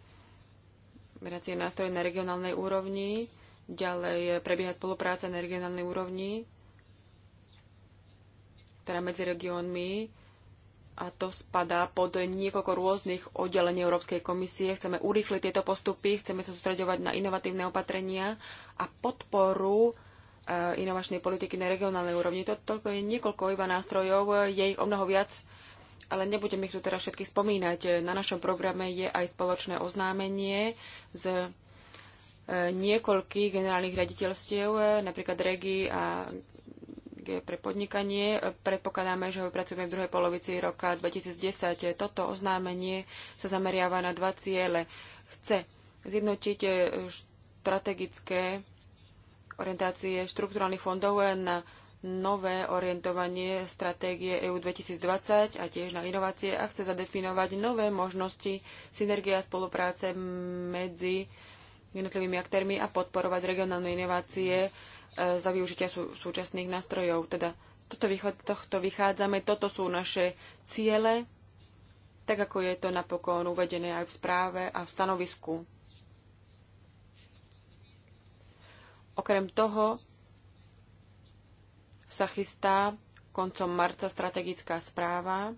A: meracie nástroje na regionálnej úrovni. Ďalej prebieha spolupráca na regionálnej úrovni, teda medzi regiónmi a to spadá pod niekoľko rôznych oddelení Európskej komisie. Chceme urýchliť tieto postupy, chceme sa sústredovať na inovatívne opatrenia a podporu eh, inovačnej politiky na regionálnej úrovni. To toľko je niekoľko iba nástrojov, je ich o mnoho viac ale nebudem ich tu teraz všetky spomínať. Na našom programe je aj spoločné oznámenie z e, niekoľkých generálnych riaditeľstiev, e, napríklad REGI a pre podnikanie. Predpokladáme, že ho pracujeme v druhej polovici roka 2010. Toto oznámenie sa zameriava na dva ciele. Chce zjednotiť e, strategické orientácie štrukturálnych fondov na nové orientovanie stratégie EU 2020 a tiež na inovácie a chce zadefinovať nové možnosti synergia a spolupráce medzi jednotlivými aktérmi a podporovať regionálne inovácie e, za využitia sú, súčasných nástrojov. Teda toto, tohto vychádzame, toto sú naše ciele, tak ako je to napokon uvedené aj v správe a v stanovisku. Okrem toho, sa chystá koncom marca strategická správa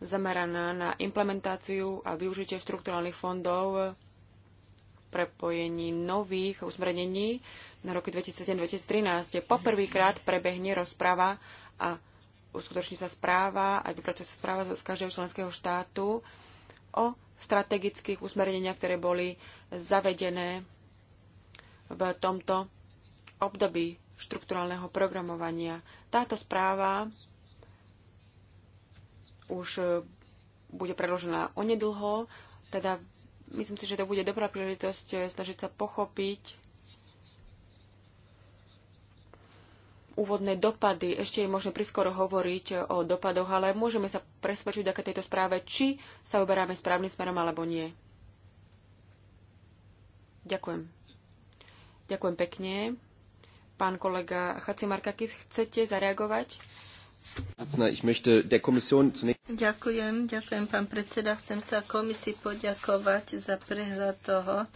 A: zameraná na implementáciu a využitie štrukturálnych fondov prepojení nových usmernení na roky 2007-2013. Poprvýkrát prebehne rozprava a uskutoční sa správa a vypracuje sa správa z každého členského štátu o strategických usmerneniach, ktoré boli zavedené v tomto období štrukturálneho programovania. Táto správa už e, bude predložená onedlho, teda myslím si, že to bude dobrá príležitosť e, snažiť sa pochopiť úvodné dopady. Ešte je možno priskoro hovoriť e, o dopadoch, ale môžeme sa presvedčiť aké tejto správe, či sa uberáme správnym smerom alebo nie. Ďakujem. Ďakujem pekne. Pán kolega Chacimarkakis, chcete zareagovať? Ďakujem, ďakujem
B: pán predseda. Chcem sa komisii poďakovať za prehľad toho,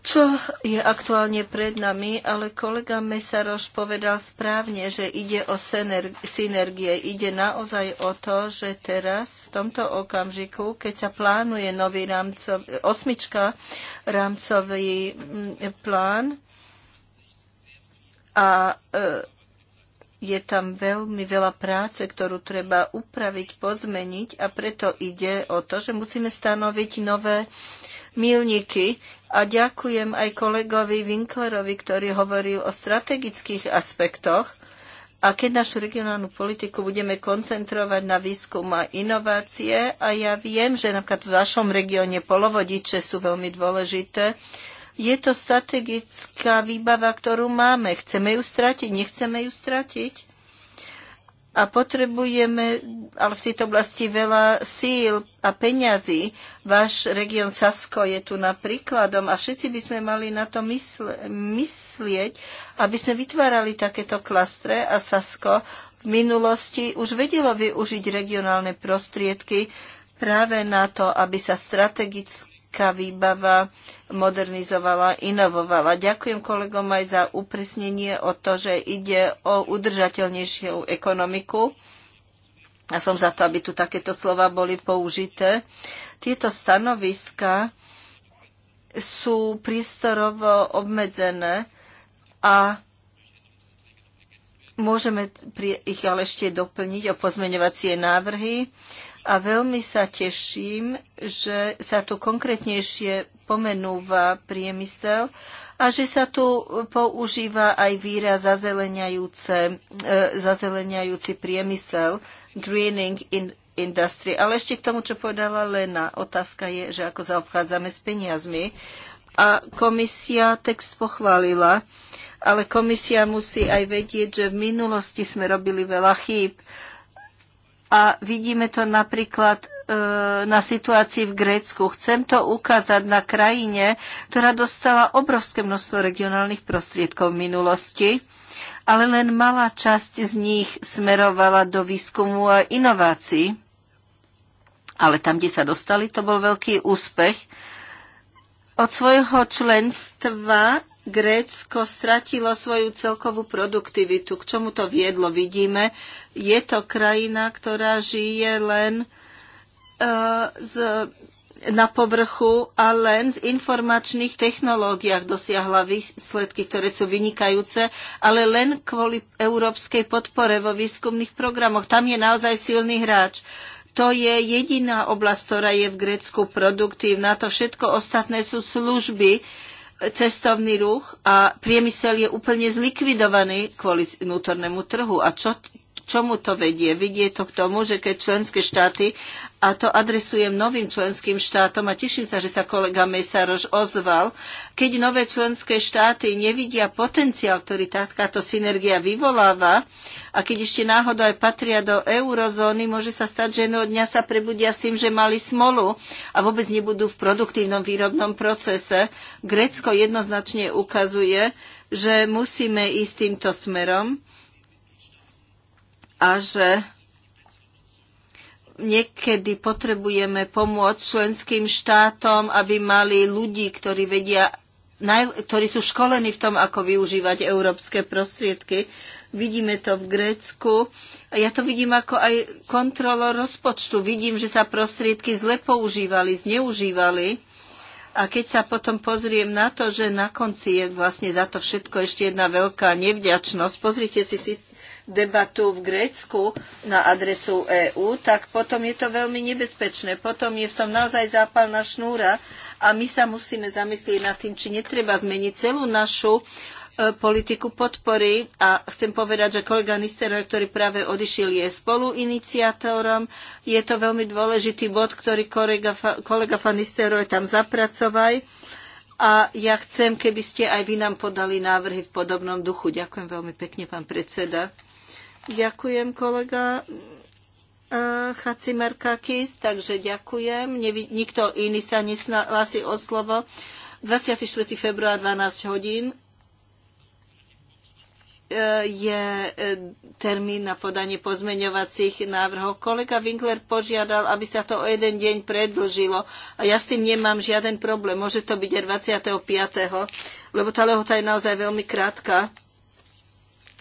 B: čo je aktuálne pred nami, ale kolega Mesaroš povedal správne, že ide o synergie. Ide naozaj o to, že teraz, v tomto okamžiku, keď sa plánuje nový rámcov, osmička rámcový mm, plán a e, je tam veľmi veľa práce, ktorú treba upraviť, pozmeniť a preto ide o to, že musíme stanoviť nové milníky. A ďakujem aj kolegovi Winklerovi, ktorý hovoril o strategických aspektoch. A keď našu regionálnu politiku budeme koncentrovať na výskum a inovácie, a ja viem, že napríklad v vašom regióne polovodiče sú veľmi dôležité, je to strategická výbava, ktorú máme. Chceme ju stratiť, nechceme ju stratiť? a potrebujeme ale v tejto oblasti veľa síl a peňazí. Váš región Sasko je tu napríkladom a všetci by sme mali na to mysle, myslieť, aby sme vytvárali takéto klastre a Sasko v minulosti už vedelo využiť regionálne prostriedky práve na to, aby sa strategicky technická výbava modernizovala, inovovala. Ďakujem kolegom aj za upresnenie o to, že ide o udržateľnejšiu ekonomiku. A som za to, aby tu takéto slova boli použité. Tieto stanoviska sú prístorovo obmedzené a môžeme ich ale ešte doplniť o pozmeňovacie návrhy a veľmi sa teším, že sa tu konkrétnejšie pomenúva priemysel a že sa tu používa aj výraz zazeleniajúci e, priemysel, greening in industry. Ale ešte k tomu, čo povedala Lena, otázka je, že ako zaobchádzame s peniazmi. A komisia text pochválila, ale komisia musí aj vedieť, že v minulosti sme robili veľa chýb a vidíme to napríklad e, na situácii v Grécku. Chcem to ukázať na krajine, ktorá dostala obrovské množstvo regionálnych prostriedkov v minulosti, ale len malá časť z nich smerovala do výskumu a inovácií. Ale tam, kde sa dostali, to bol veľký úspech. Od svojho členstva Grécko stratilo svoju celkovú produktivitu. K čomu to viedlo, vidíme. Je to krajina, ktorá žije len uh, z, na povrchu a len z informačných technológiách dosiahla výsledky, ktoré sú vynikajúce, ale len kvôli európskej podpore vo výskumných programoch. Tam je naozaj silný hráč. To je jediná oblasť, ktorá je v Grécku produktívna. To všetko ostatné sú služby, uh, cestovný ruch a priemysel je úplne zlikvidovaný kvôli vnútornému trhu. A čo, čomu to vedie? Vedie to k tomu, že keď členské štáty a to adresujem novým členským štátom a teším sa, že sa kolega Mesaroš ozval. Keď nové členské štáty nevidia potenciál, ktorý táto synergia vyvoláva a keď ešte náhodou aj patria do eurozóny, môže sa stať, že jedného dňa sa prebudia s tým, že mali smolu a vôbec nebudú v produktívnom výrobnom procese. Grécko jednoznačne ukazuje, že musíme ísť týmto smerom a že niekedy potrebujeme pomôcť členským štátom, aby mali ľudí, ktorí vedia, ktorí sú školení v tom, ako využívať európske prostriedky. Vidíme to v Grécku. A ja to vidím ako aj kontrolo rozpočtu. Vidím, že sa prostriedky zle používali, zneužívali. A keď sa potom pozriem na to, že na konci je vlastne za to všetko ešte jedna veľká nevďačnosť, pozrite si, si debatu v Grécku na adresu EÚ, tak potom je to veľmi nebezpečné. Potom je v tom naozaj zápalná šnúra a my sa musíme zamyslieť nad tým, či netreba zmeniť celú našu e, politiku podpory a chcem povedať, že kolega Nisteroj, ktorý práve odišiel, je spoluiniciátorom. Je to veľmi dôležitý bod, ktorý kolega, kolega Van Nisteroj tam zapracoval a ja chcem, keby ste aj vy nám podali návrhy v podobnom duchu. Ďakujem veľmi pekne, pán predseda. Ďakujem, kolega eh, Chacimarkakis, takže ďakujem. Nikto iný sa nesnási o slovo. 24. február 12 hodín eh, je eh, termín na podanie pozmeňovacích návrhov. Kolega Winkler požiadal, aby sa to o jeden deň predlžilo a ja s tým nemám žiaden problém. Môže to byť aj 25. lebo tá lehota je naozaj veľmi krátka.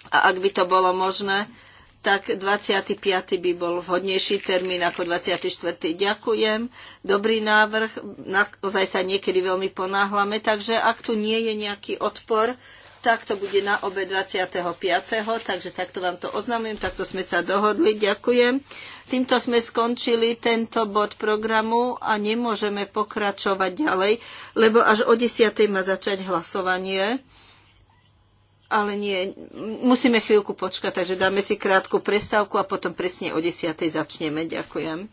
B: A ak by to bolo možné, tak 25. by bol vhodnejší termín ako 24. Ďakujem. Dobrý návrh. Naozaj sa niekedy veľmi ponáhlame, takže ak tu nie je nejaký odpor, tak to bude na obe 25. Takže takto vám to oznamujem, takto sme sa dohodli. Ďakujem. Týmto sme skončili tento bod programu a nemôžeme pokračovať ďalej, lebo až o 10. má začať hlasovanie ale nie, musíme chvíľku počkať, takže dáme si krátku prestávku a potom presne o 10. začneme. Ďakujem.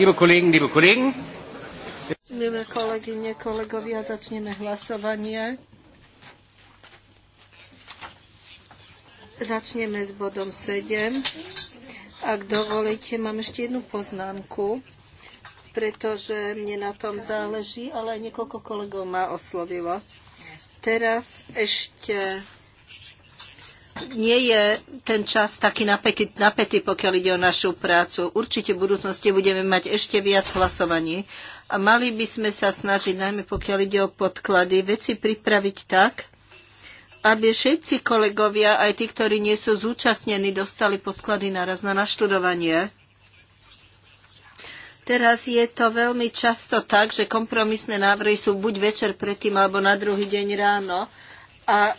B: Liebe Kolleginnen, liebe Kollegen. Milé kolegyne, kolegovia, začneme hlasovanie. Začneme s bodom 7. Ak dovolíte, mám ešte jednu poznámku, pretože mne na tom záleží, ale aj niekoľko kolegov ma oslovilo. Teraz ešte nie je ten čas taký napätý, napätý, pokiaľ ide o našu prácu. Určite v budúcnosti budeme mať ešte viac hlasovaní a mali by sme sa snažiť, najmä pokiaľ ide o podklady, veci pripraviť tak, aby všetci kolegovia, aj tí, ktorí nie sú zúčastnení, dostali podklady naraz na naštudovanie. Teraz je to veľmi často tak, že kompromisné návrhy sú buď večer predtým alebo na druhý deň ráno. A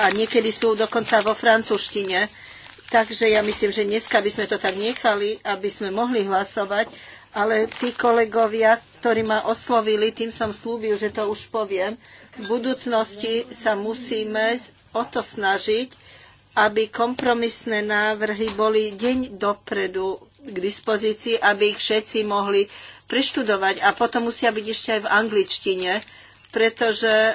B: a niekedy sú dokonca vo francúzštine. Takže ja myslím, že dneska by sme to tak nechali, aby sme mohli hlasovať, ale tí kolegovia, ktorí ma oslovili, tým som slúbil, že to už poviem, v budúcnosti sa musíme o to snažiť, aby kompromisné návrhy boli deň dopredu k dispozícii, aby ich všetci mohli preštudovať a potom musia byť ešte aj v angličtine, pretože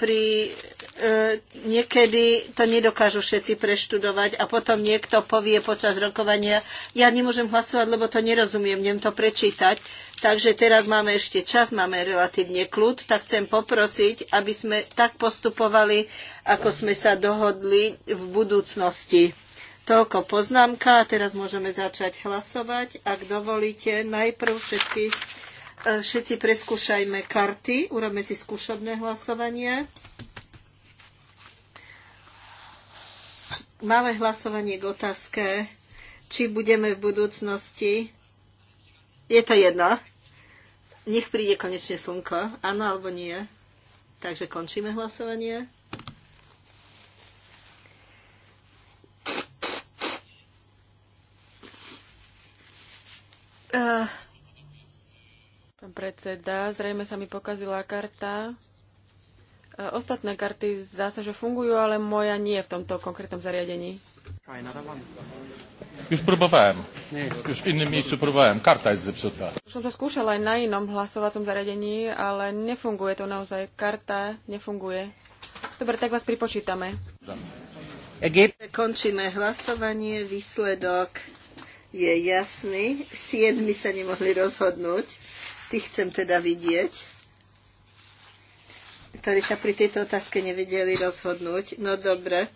B: pri E, niekedy to nedokážu všetci preštudovať a potom niekto povie počas rokovania, ja nemôžem hlasovať, lebo to nerozumiem, nem to prečítať. Takže teraz máme ešte čas, máme relatívne kľud, tak chcem poprosiť, aby sme tak postupovali, ako sme sa dohodli v budúcnosti. Toľko poznámka a teraz môžeme začať hlasovať. Ak dovolíte, najprv všetky, e, všetci preskúšajme karty, urobme si skúšobné hlasovanie. malé hlasovanie k otázke, či budeme v budúcnosti. Je to jedno. Nech príde konečne slnko. Áno alebo nie. Takže končíme hlasovanie.
A: Pán predseda, zrejme sa mi pokazila karta. Ostatné karty zdá sa, že fungujú, ale moja nie v tomto konkrétnom zariadení.
B: Już próbowałem. Już w innym miejscu próbowałem. Karta jest zepsuta.
A: Som to skúšala aj na inom hlasovacom zariadení, ale nefunguje to naozaj. Karta nefunguje. Dobre, tak vás pripočítame. Končíme
B: hlasovanie. Výsledok je jasný. Siedmi sa nemohli rozhodnúť. Tých chcem teda vidieť ktorí sa pri tejto otázke nevedeli rozhodnúť. No dobre.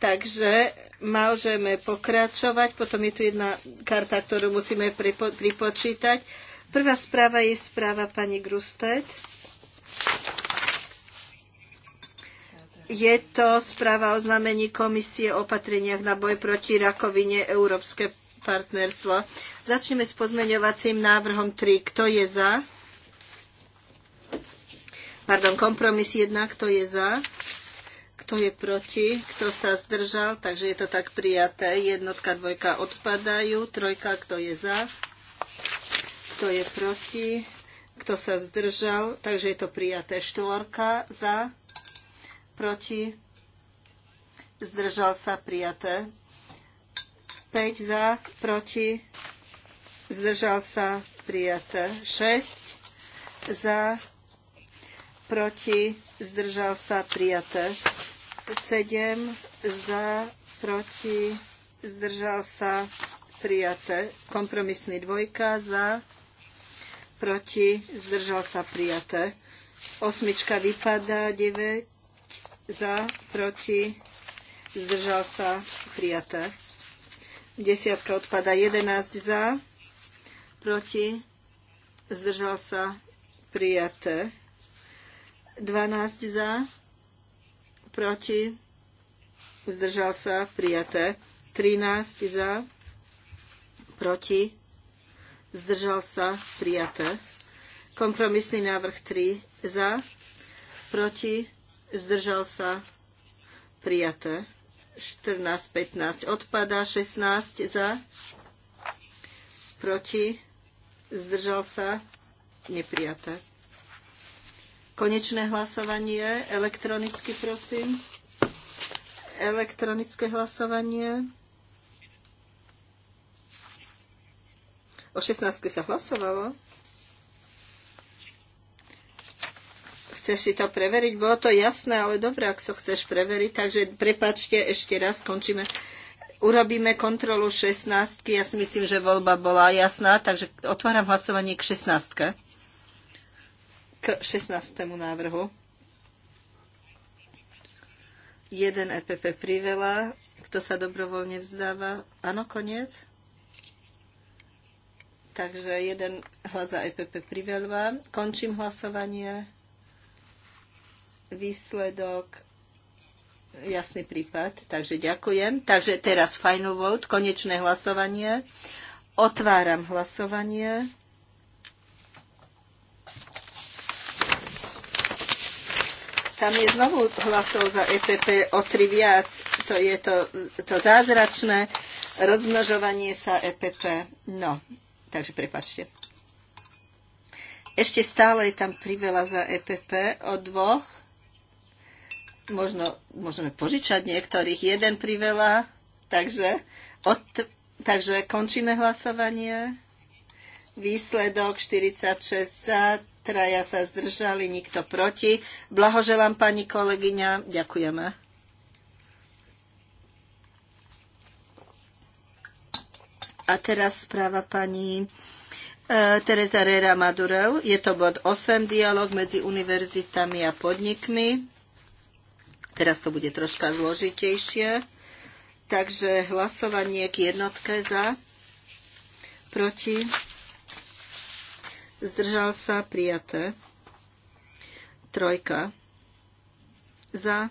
B: Takže môžeme pokračovať. Potom je tu jedna karta, ktorú musíme pripo- pripočítať. Prvá správa je správa pani Grustet. Je to správa o znamení komisie o opatreniach na boj proti rakovine Európske partnerstvo. Začneme s pozmeňovacím návrhom 3. Kto je za? Pardon, kompromis 1, kto je za, kto je proti, kto sa zdržal, takže je to tak prijaté. Jednotka, dvojka odpadajú, trojka, kto je za, kto je proti, kto sa zdržal, takže je to prijaté. Štvorka za, proti, zdržal sa, prijaté. 5 za, proti, zdržal sa, prijaté. 6 za, proti, zdržal sa, prijaté. 7 za, proti, zdržal sa, prijaté. Kompromisný dvojka za, proti, zdržal sa, prijaté. Osmička vypadá, 9 za, proti, zdržal sa, prijaté. Desiatka odpada, 11 za, proti, zdržal sa, prijaté. 12 za, proti, zdržal sa, prijaté. 13 za, proti, zdržal sa, prijaté. Kompromisný návrh 3 za, proti, zdržal sa, prijaté. 14, 15 odpada, 16 za, proti, zdržal sa, neprijaté. Konečné hlasovanie, elektronicky prosím. Elektronické hlasovanie. O 16. sa hlasovalo. Chceš si to preveriť? Bolo to jasné, ale dobré, ak to so chceš preveriť. Takže prepačte, ešte raz skončíme. Urobíme kontrolu 16. Ja si myslím, že voľba bola jasná, takže otváram hlasovanie k 16 k 16. návrhu. Jeden EPP priveľa. Kto sa dobrovoľne vzdáva? Áno, koniec. Takže jeden hlas za EPP priveľa. Končím hlasovanie. Výsledok jasný prípad, takže ďakujem. Takže teraz final vote, konečné hlasovanie. Otváram hlasovanie. Tam je znovu hlasov za EPP o tri viac. To je to, to zázračné rozmnožovanie sa EPP. No, takže prepačte. Ešte stále je tam priveľa za EPP o dvoch. Možno môžeme požičať niektorých jeden priveľa. Takže, od, takže končíme hlasovanie. Výsledok 46 za, traja sa zdržali, nikto proti. Blahoželám pani kolegyňa, ďakujeme. A teraz správa pani e, Teresa Rera Madurel. Je to bod 8, dialog medzi univerzitami a podnikmi. Teraz to bude troška zložitejšie. Takže hlasovanie k jednotke za, proti zdržal sa, prijaté. Trojka za,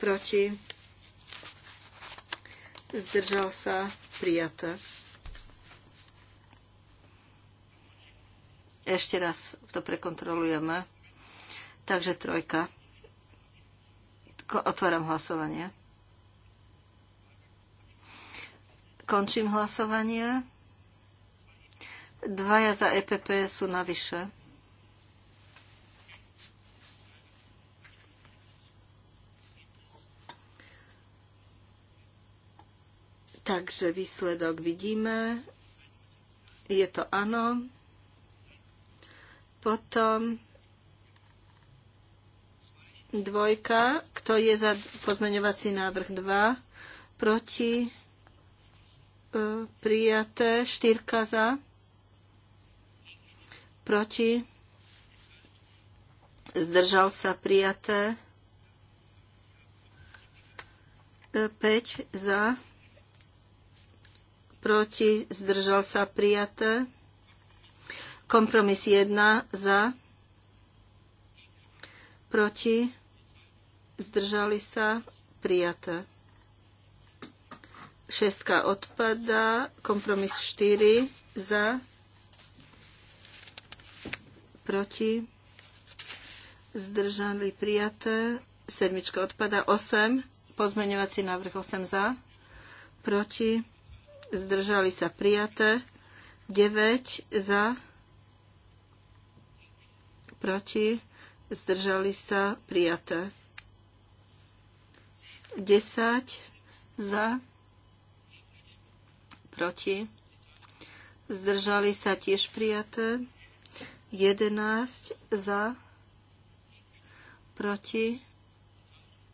B: proti, zdržal sa, prijaté. Ešte raz to prekontrolujeme. Takže trojka. Otváram hlasovanie. Končím hlasovanie. Dvaja za EPP sú navyše. Takže výsledok vidíme. Je to áno. Potom dvojka, kto je za pozmeňovací návrh 2, proti e, prijaté, štyrka za, proti, zdržal sa prijaté, 5 e, za, proti, zdržal sa prijaté, kompromis 1 za, proti, zdržali sa prijaté. Šestka odpada, kompromis 4 za, proti, zdržali prijaté, sedmička odpada, 8, pozmeňovací návrh 8 za, proti, zdržali sa prijaté, 9 za, proti, zdržali sa prijaté. 10 za, proti, zdržali sa tiež prijaté. 11 za, proti,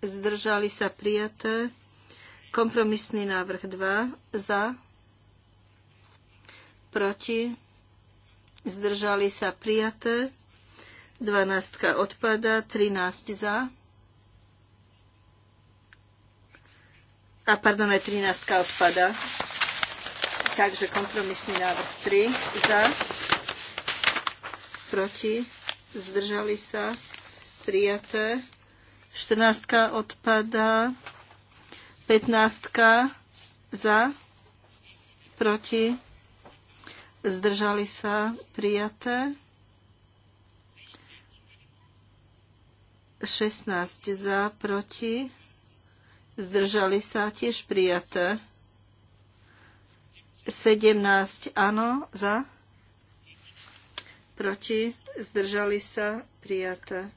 B: zdržali sa prijaté. Kompromisný návrh 2 za, proti, zdržali sa prijaté. 12 odpada, 13 za. A pardon, aj 13 odpada. Takže kompromisný návrh 3 za proti, zdržali sa, prijaté. 14 odpadá, 15 za, proti, zdržali sa, prijaté. 16 za, proti, zdržali sa, tiež prijaté. 17 áno, za, proti, zdržali sa, prijaté.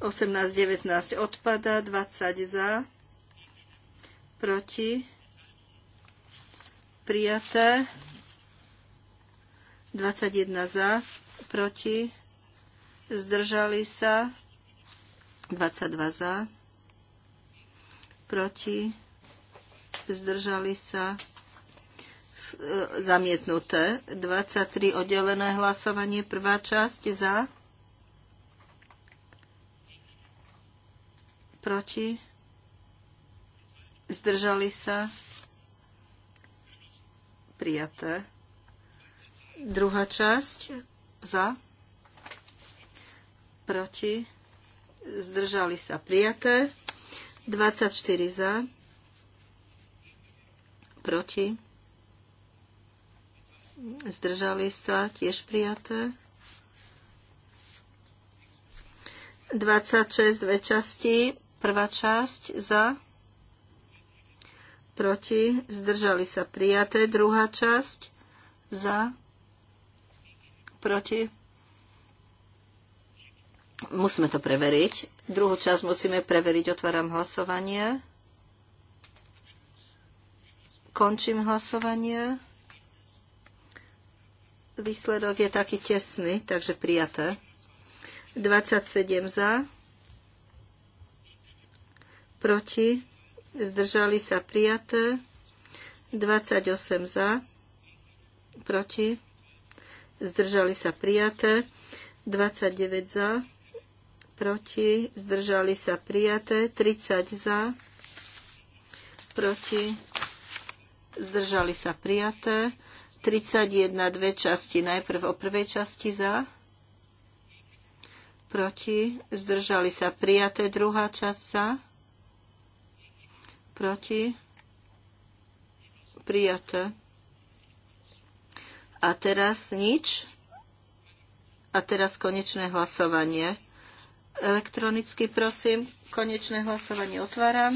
B: 18, 19 odpada, 20 za, proti, prijaté, 21 za, proti, zdržali sa, 22 za, proti, zdržali sa, E, zamietnuté. 23 oddelené hlasovanie, prvá časť za, proti, zdržali sa, prijaté. Druhá časť za, proti, zdržali sa, prijaté. 24 za, proti, zdržali sa, tiež prijaté. 26, dve časti, prvá časť za, proti, zdržali sa prijaté, druhá časť za, proti. Musíme to preveriť. Druhú časť musíme preveriť. Otváram hlasovanie. Končím hlasovanie. Výsledok je taký tesný, takže prijaté. 27 za, proti, zdržali sa prijaté, 28 za, proti, zdržali sa prijaté, 29 za, proti, zdržali sa prijaté, 30 za, proti, zdržali sa prijaté, 31 dve časti. Najprv o prvej časti za, proti, zdržali sa prijaté. Druhá časť za, proti, prijaté. A teraz nič. A teraz konečné hlasovanie. Elektronicky prosím, konečné hlasovanie otváram.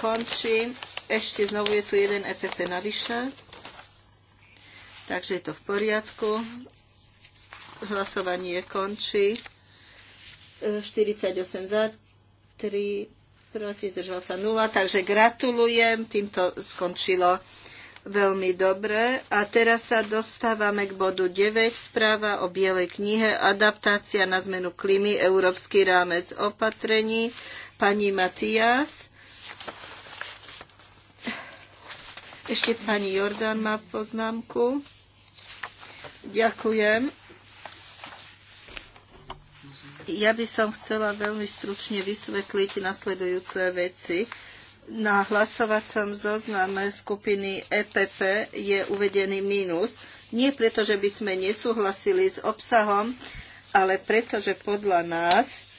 B: Končím. Ešte znovu je tu jeden EPP navyše. Takže je to v poriadku. Hlasovanie končí. 48 e, za, 3 proti, zdržal sa 0. Takže gratulujem. Týmto skončilo veľmi dobre. A teraz sa dostávame k bodu 9, správa o Bielej knihe, adaptácia na zmenu klímy, Európsky rámec opatrení. Pani Matias, Ešte pani Jordan má poznámku. Ďakujem. Ja by som chcela veľmi stručne vysvetliť nasledujúce veci. Na hlasovacom zozname skupiny EPP je uvedený mínus. Nie preto, že by sme nesúhlasili s obsahom, ale preto, že podľa nás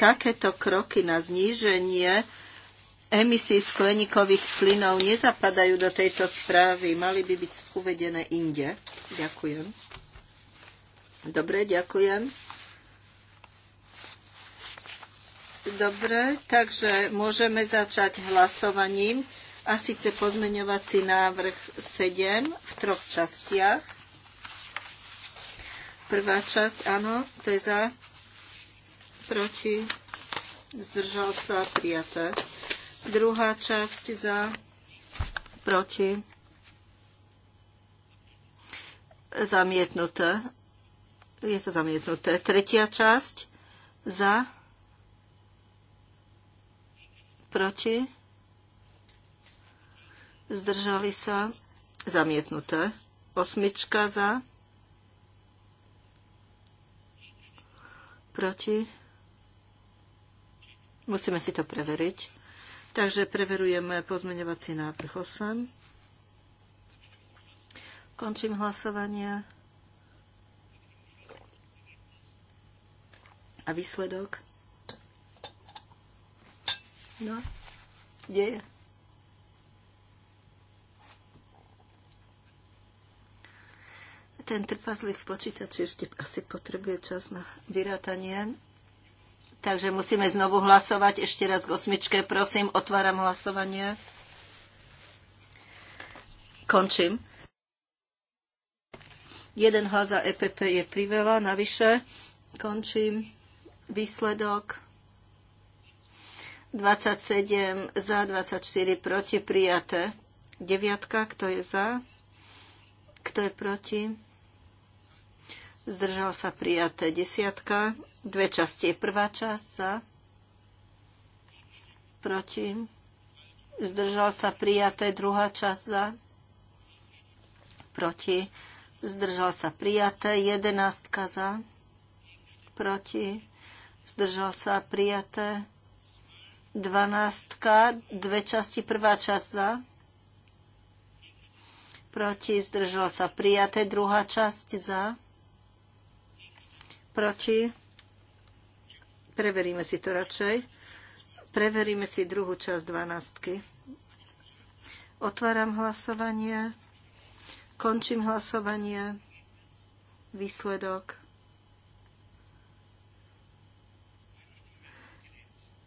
B: takéto kroky na zníženie emisí skleníkových plynov nezapadajú do tejto správy, mali by byť uvedené inde. Ďakujem. Dobre, ďakujem. Dobre, takže môžeme začať hlasovaním a síce pozmeňovací návrh 7 v troch častiach. Prvá časť, áno, to je za, proti, zdržal sa, prijaté. Druhá časť za, proti, zamietnuté. Je to zamietnuté. Tretia časť za, proti, zdržali sa, zamietnuté. Osmička za, proti. Musíme si to preveriť. Takže preverujeme pozmeňovací návrh 8. Končím hlasovanie. A výsledok? No, kde je? Ten trpazlý v počítači ešte asi potrebuje čas na vyrátanie. Takže musíme znovu hlasovať. Ešte raz k osmičke, prosím. Otváram hlasovanie. Končím. Jeden hlas za EPP je priveľa, navyše. Končím. Výsledok. 27 za, 24 proti, prijaté. Deviatka, kto je za? Kto je proti? Zdržal sa prijaté. Desiatka, Dve časti. Prvá časť za, proti, zdržal sa prijaté. Druhá časť za, proti, zdržal sa prijaté. Jedenáctka za, proti, zdržal sa prijaté. Dvanáctka, dve časti, prvá časť za, proti, zdržal sa prijaté. Druhá časť za, proti, Preveríme si to radšej. Preveríme si druhú časť dvanáctky. Otváram hlasovanie. Končím hlasovanie. Výsledok.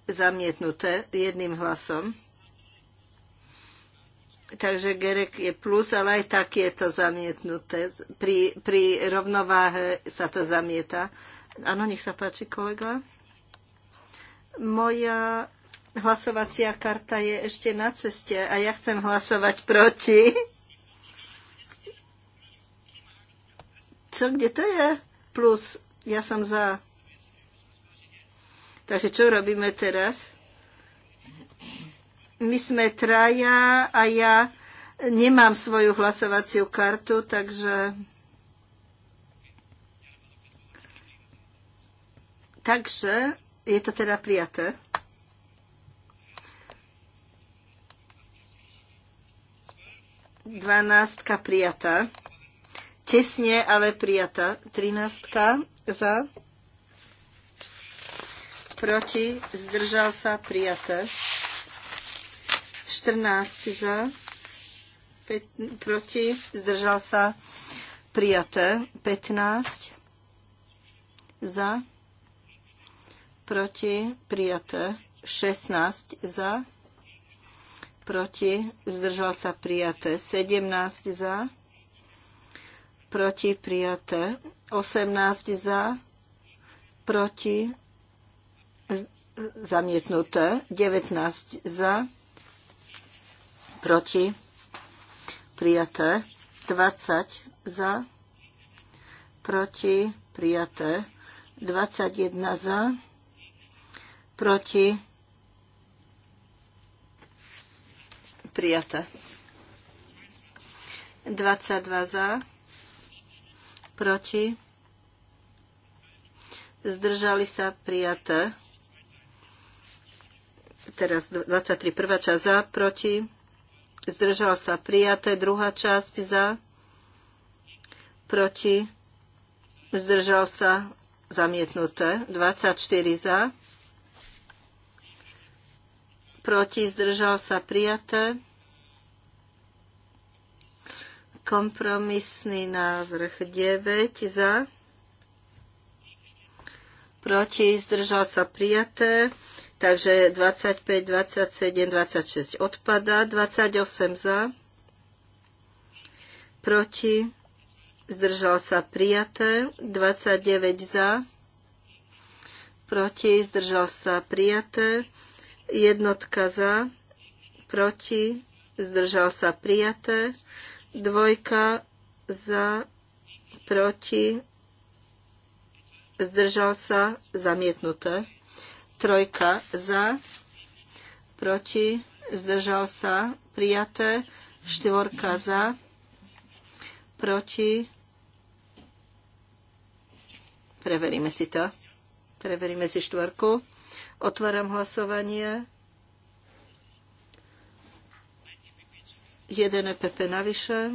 B: Zamietnuté jedným hlasom. Takže Gerek je plus, ale aj tak je to zamietnuté. Pri, pri rovnováhe sa to zamieta. Áno, nech sa páči, kolega. Moja hlasovacia karta je ešte na ceste a ja chcem hlasovať proti. Čo, kde to je? Plus, ja som za. Takže čo robíme teraz? My sme traja a ja nemám svoju hlasovaciu kartu, takže... Takže je to teda prijaté. Dvanáctka prijatá. Tesne, ale prijatá. Trináctka za. Proti. Zdržal sa. Prijaté. 14 za. proti. Zdržal sa. Prijaté. 15 za proti, prijaté. 16 za, proti, zdržal sa prijaté. 17 za, proti, prijaté. 18 za, proti, zamietnuté. 19 za, proti, prijaté. 20 za, proti, prijaté. 21 za, proti, prijaté proti, prijaté. 22 za, proti, zdržali sa, prijaté. Teraz 23, prvá časť za, proti, zdržal sa, prijaté, druhá časť za, proti, zdržal sa, zamietnuté, 24 za, proti, zdržal sa prijaté. Kompromisný návrh 9 za, proti, zdržal sa prijaté. Takže 25, 27, 26 odpada, 28 za, proti, zdržal sa prijaté, 29 za, proti, zdržal sa prijaté, Jednotka za, proti, zdržal sa prijaté. Dvojka za, proti, zdržal sa zamietnuté. Trojka za, proti, zdržal sa prijaté. Štvorka za, proti. Preveríme si to. Preveríme si štvorku. Otváram hlasovanie. Jeden EPP navyše.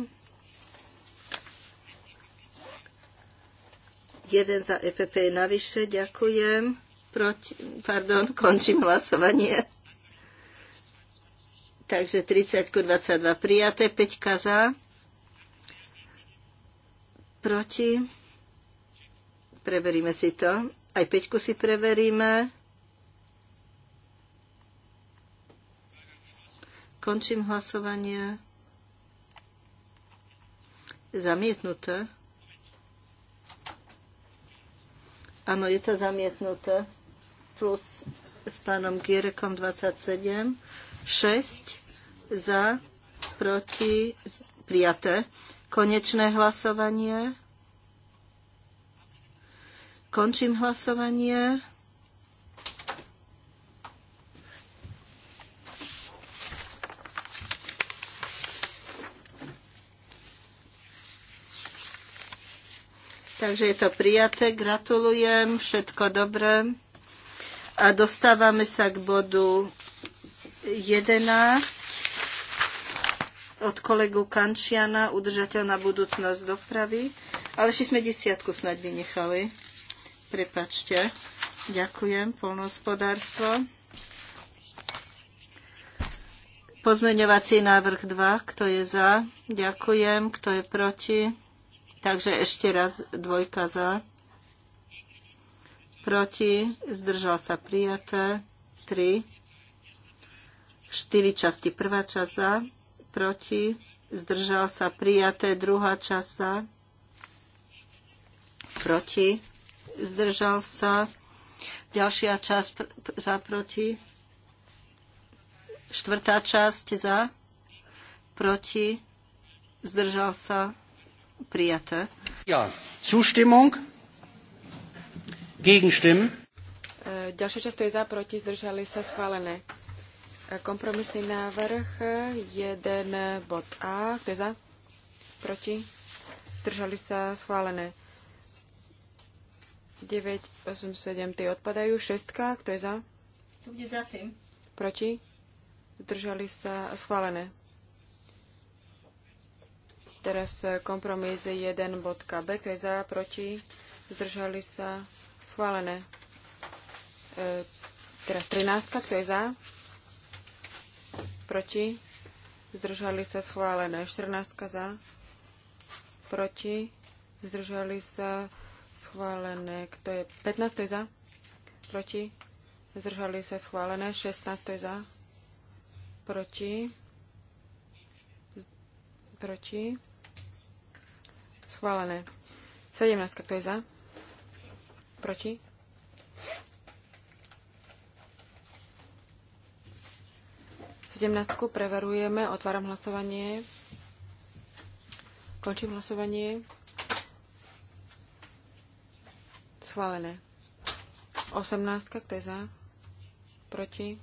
B: Jeden za EPP je navyše. Ďakujem. Proti, pardon, *laughs* končím hlasovanie. Takže 30 ku 22 prijaté, 5 za. Proti. Preveríme si to. Aj 5 si preveríme. Končím hlasovanie. Zamietnuté. Áno, je to zamietnuté. Plus s pánom Gierekom 27. 6 za, proti, prijaté. Konečné hlasovanie. Končím hlasovanie. Takže je to prijaté. Gratulujem. Všetko dobré. A dostávame sa k bodu 11 od kolegu Kančiana, udržateľná budúcnosť dopravy. Ale ešte sme desiatku snáď vynechali. Prepačte. Ďakujem. Polnohospodárstvo. Pozmeňovací návrh 2. Kto je za? Ďakujem. Kto je proti? Takže ešte raz dvojka za. Proti. Zdržal sa prijaté. 3. 4 časti. Prvá časť za. Proti. Zdržal sa prijaté. Druhá časť za. Proti. Zdržal sa. Ďalšia časť za proti. Štvrtá časť za. Proti.
A: Zdržal sa Prijaté. Ja, Zustimmung. Gegenstimmen. E, ďalšia časť to je za, proti, zdržali sa, schválené. E, kompromisný návrh e, jeden bod A. Kto je za? Proti? Zdržali sa, schválené. 9, 8, 7, tie odpadajú. Šestka, kto je za?
B: Kto bude za tým.
A: Proti? Zdržali sa, schválené. Teraz eh, kompromis 1.b, kto je za, proti, zdržali sa, schválené. E, teraz 13, kto je za, proti, zdržali sa, schválené. 14 za, proti, zdržali sa, schválené. Kto je 15, je za, proti, zdržali sa, schválené. 16, je za, proti, proti, Schválené. 17. Kto je za? Proti? Sedemnáctku preverujeme. Otváram hlasovanie. Končím hlasovanie. Schválené. Osemnáctka. Kto je za? Proti?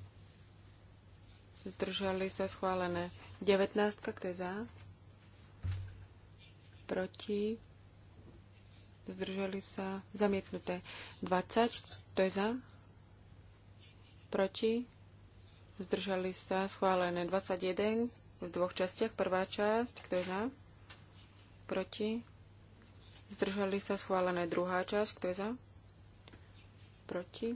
A: Zdržali sa schválené. Devetnáctka Kto je za? proti, zdržali sa, zamietnuté 20, kto je za, proti, zdržali sa, schválené 21 v dvoch častiach, prvá časť, kto je za, proti, zdržali sa, schválené druhá časť, kto je za, proti,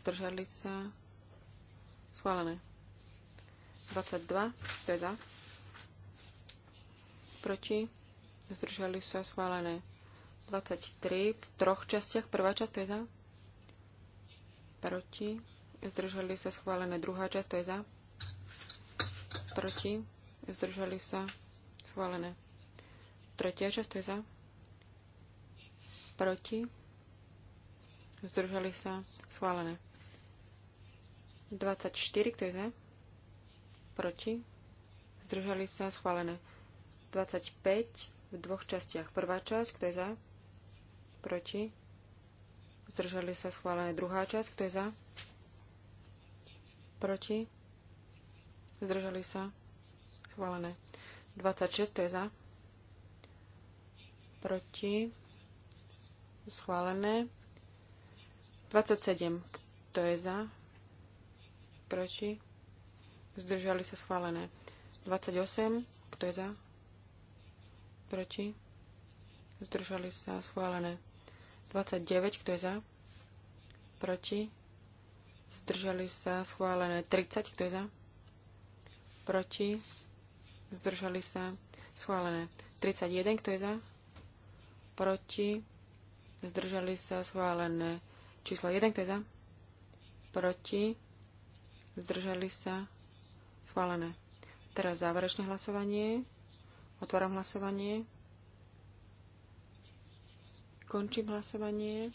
A: zdržali sa, schválené 22, kto je za, proti, zdržali sa schválené. 23 v troch častiach. Prvá časť to je za. Proti. Zdržali sa schválené. Druhá časť to je za. Proti. Zdržali sa schválené. Tretia časť to je za. Proti. Zdržali sa schválené. 24 kto je za. Proti. Zdržali sa schválené. 25 v dvoch častiach. Prvá časť, kto je za? Proti? Zdržali sa schválené. Druhá časť, kto je za? Proti? Zdržali sa schválené. 26, kto je za? Proti? Schválené. 27, kto je za? Proti? Zdržali sa schválené. 28, kto je za? proti, zdržali sa schválené. 29, kto je za, proti, zdržali sa schválené. 30, kto je za, proti, zdržali sa schválené. 31, kto je za, proti, zdržali sa schválené. Číslo 1, kto je za, proti, zdržali sa schválené. Teraz záverečné hlasovanie. Otváram hlasovanie. Končím hlasovanie.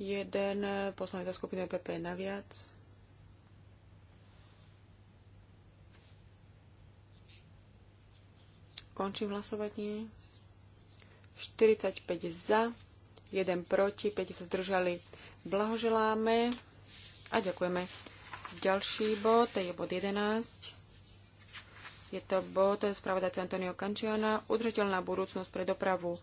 A: Jeden poslanec za skupinu PP e naviac. Končím hlasovanie. 45 za, 1 proti, 5 sa zdržali. Blahoželáme a ďakujeme. Ďalší bod, to je bod 11. Je to bod spravodajca Antonio Kančiana, udržateľná budúcnosť pre dopravu.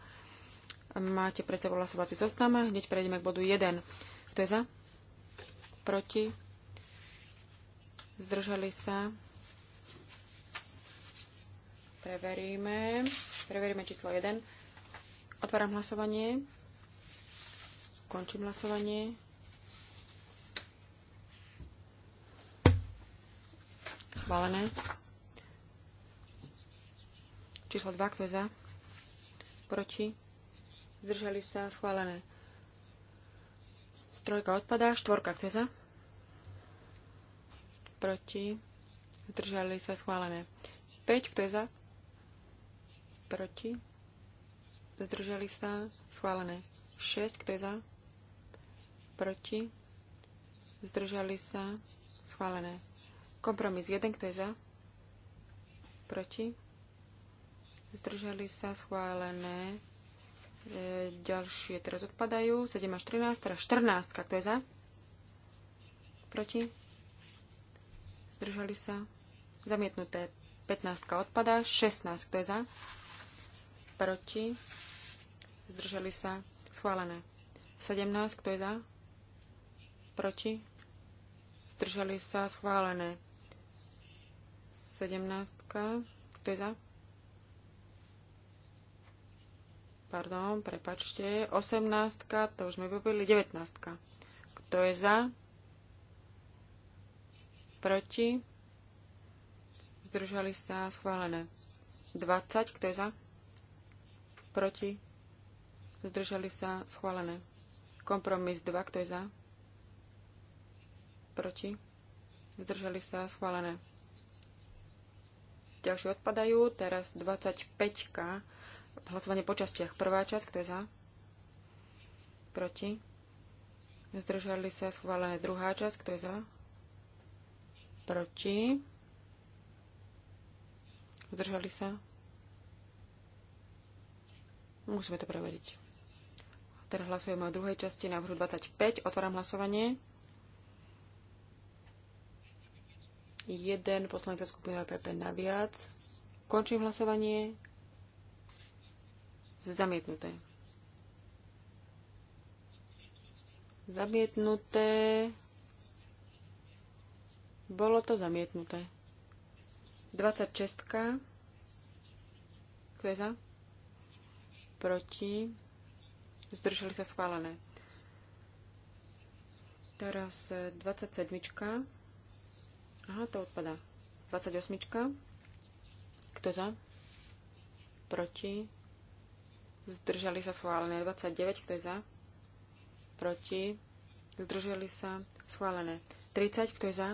A: Máte pred sebou hlasovací zoznam. Hneď prejdeme k bodu 1. Kto je za? Proti? Zdržali sa? Preveríme. Preveríme číslo 1. Otváram hlasovanie. Končím hlasovanie. Schválené. Číslo 2, kto je za? Proti? Zdržali sa? Schválené. Trojka odpadá. Štvorka, kto je za? Proti? Zdržali sa? Schválené. 5, kto je za? Proti? Zdržali sa? Schválené. 6, kto je za? Proti? Zdržali sa? Schválené. Kompromis 1, kto je za? Proti? zdržali sa schválené. E, ďalšie teraz odpadajú. 7 až 13, teraz 14, kto je za? Proti? Zdržali sa. Zamietnuté 15 odpadá, 16 kto je za? Proti? Zdržali sa. Schválené. 17 kto je za? Proti? Zdržali sa. Schválené. 17 kto je za? pardon, prepačte, 18, to už sme pobili, 19. Kto je za? Proti? Zdržali sa schválené. 20, kto je za? Proti? Zdržali sa schválené. Kompromis 2, kto je za? Proti? Zdržali sa schválené. Ďalšie odpadajú. Teraz 25 hlasovanie po častiach. Prvá časť, kto je za? Proti? Zdržali sa schválené druhá časť, kto je za? Proti? Zdržali sa? Musíme to preveriť. Teraz hlasujeme o druhej časti návrhu 25. Otváram hlasovanie. Jeden poslanec skupina e PP naviac. Končím hlasovanie. Zamietnuté. Zamietnuté. Bolo to zamietnuté. 26. Kto je za? Proti. Zdržali sa schválené. Teraz 27. E, Aha, to odpadá. 28. Kto je za? Proti zdržali sa schválené. 29, kto je za, proti, zdržali sa schválené. 30, kto je za,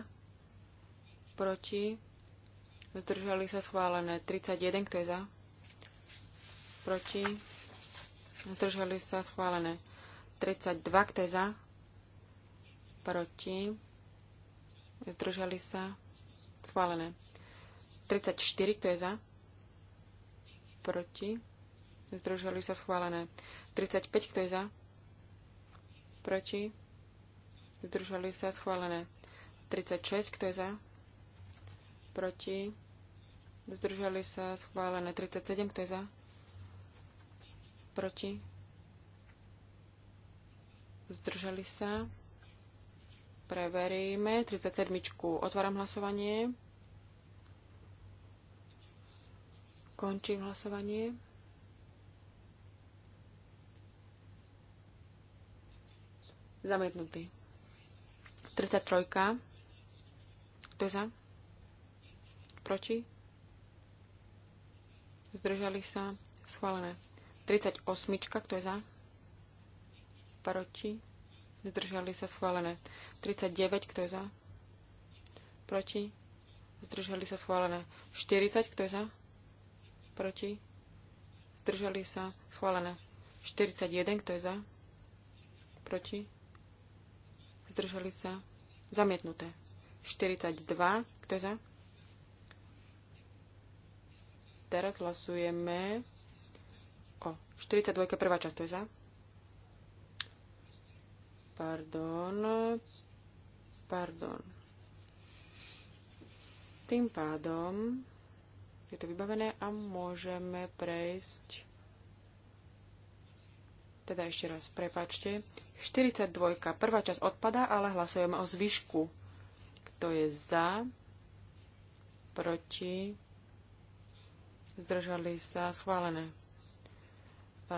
A: proti, zdržali sa schválené. 31, kto je za, proti, zdržali sa schválené. 32, kto je za, proti, zdržali sa schválené. 34, kto je za, proti, Zdržali sa schválené. 35, kto je za? Proti? Zdržali sa schválené. 36, kto je za? Proti? Zdržali sa schválené. 37, kto je za? Proti? Zdržali sa. Preveríme. 37. Otváram hlasovanie. Končím hlasovanie. Zametnutý. 33. Kto je za? Proti? Zdržali sa. Schválené. 38. Kto je za? Proti? Zdržali sa. Schválené. 39. Kto je za? Proti? Zdržali sa. Schválené. 40. Kto je za? Proti? Zdržali sa. Schválené. 41. Kto je za? Proti? zdržali sa, zamietnuté. 42, kto je za? Teraz hlasujeme o 42, prvá časť, to je za? Pardon, pardon. Tým pádom je to vybavené a môžeme prejsť teda ešte raz, prepačte. 42. Prvá časť odpadá, ale hlasujeme o zvyšku. Kto je za? Proti? Zdržali sa? Schválené. E,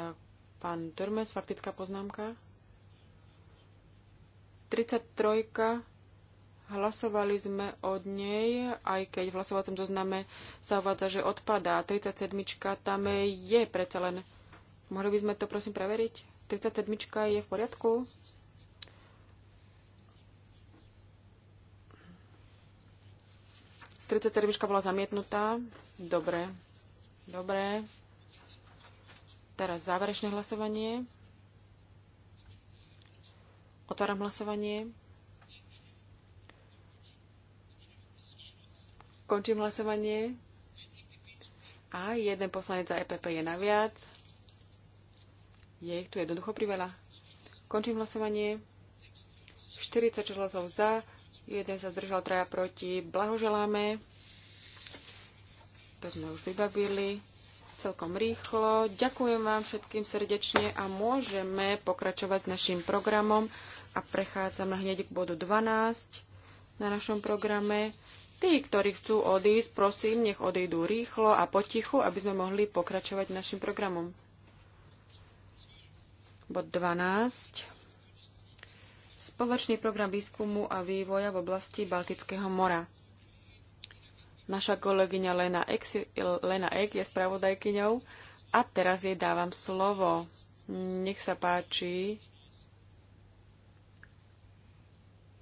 A: pán Turmes, faktická poznámka. 33. Hlasovali sme od nej, aj keď v hlasovacom zozname sa uvádza, že odpadá. 37. tam je predsa len Mohli by sme to prosím preveriť? 37 je v poriadku? Tridsaťtermička bola zamietnutá. Dobre. Dobre. Teraz záverečné hlasovanie. Otváram hlasovanie. Končím hlasovanie. A jeden poslanec za EPP je naviac. Je ich tu jednoducho priveľa. Končím hlasovanie. 40 hlasov za, jeden sa zdržal, traja proti. Blahoželáme. To sme už vybavili celkom rýchlo. Ďakujem vám všetkým srdečne a môžeme pokračovať s našim programom a prechádzame hneď k bodu 12 na našom programe. Tí, ktorí chcú odísť, prosím, nech odejdú rýchlo a potichu, aby sme mohli pokračovať našim programom. Bod 12. Spoločný program výskumu a vývoja v oblasti Baltického mora. Naša kolegyňa Lena Ek, Lena Ek je spravodajkyňou a teraz jej dávam slovo. Nech sa páči.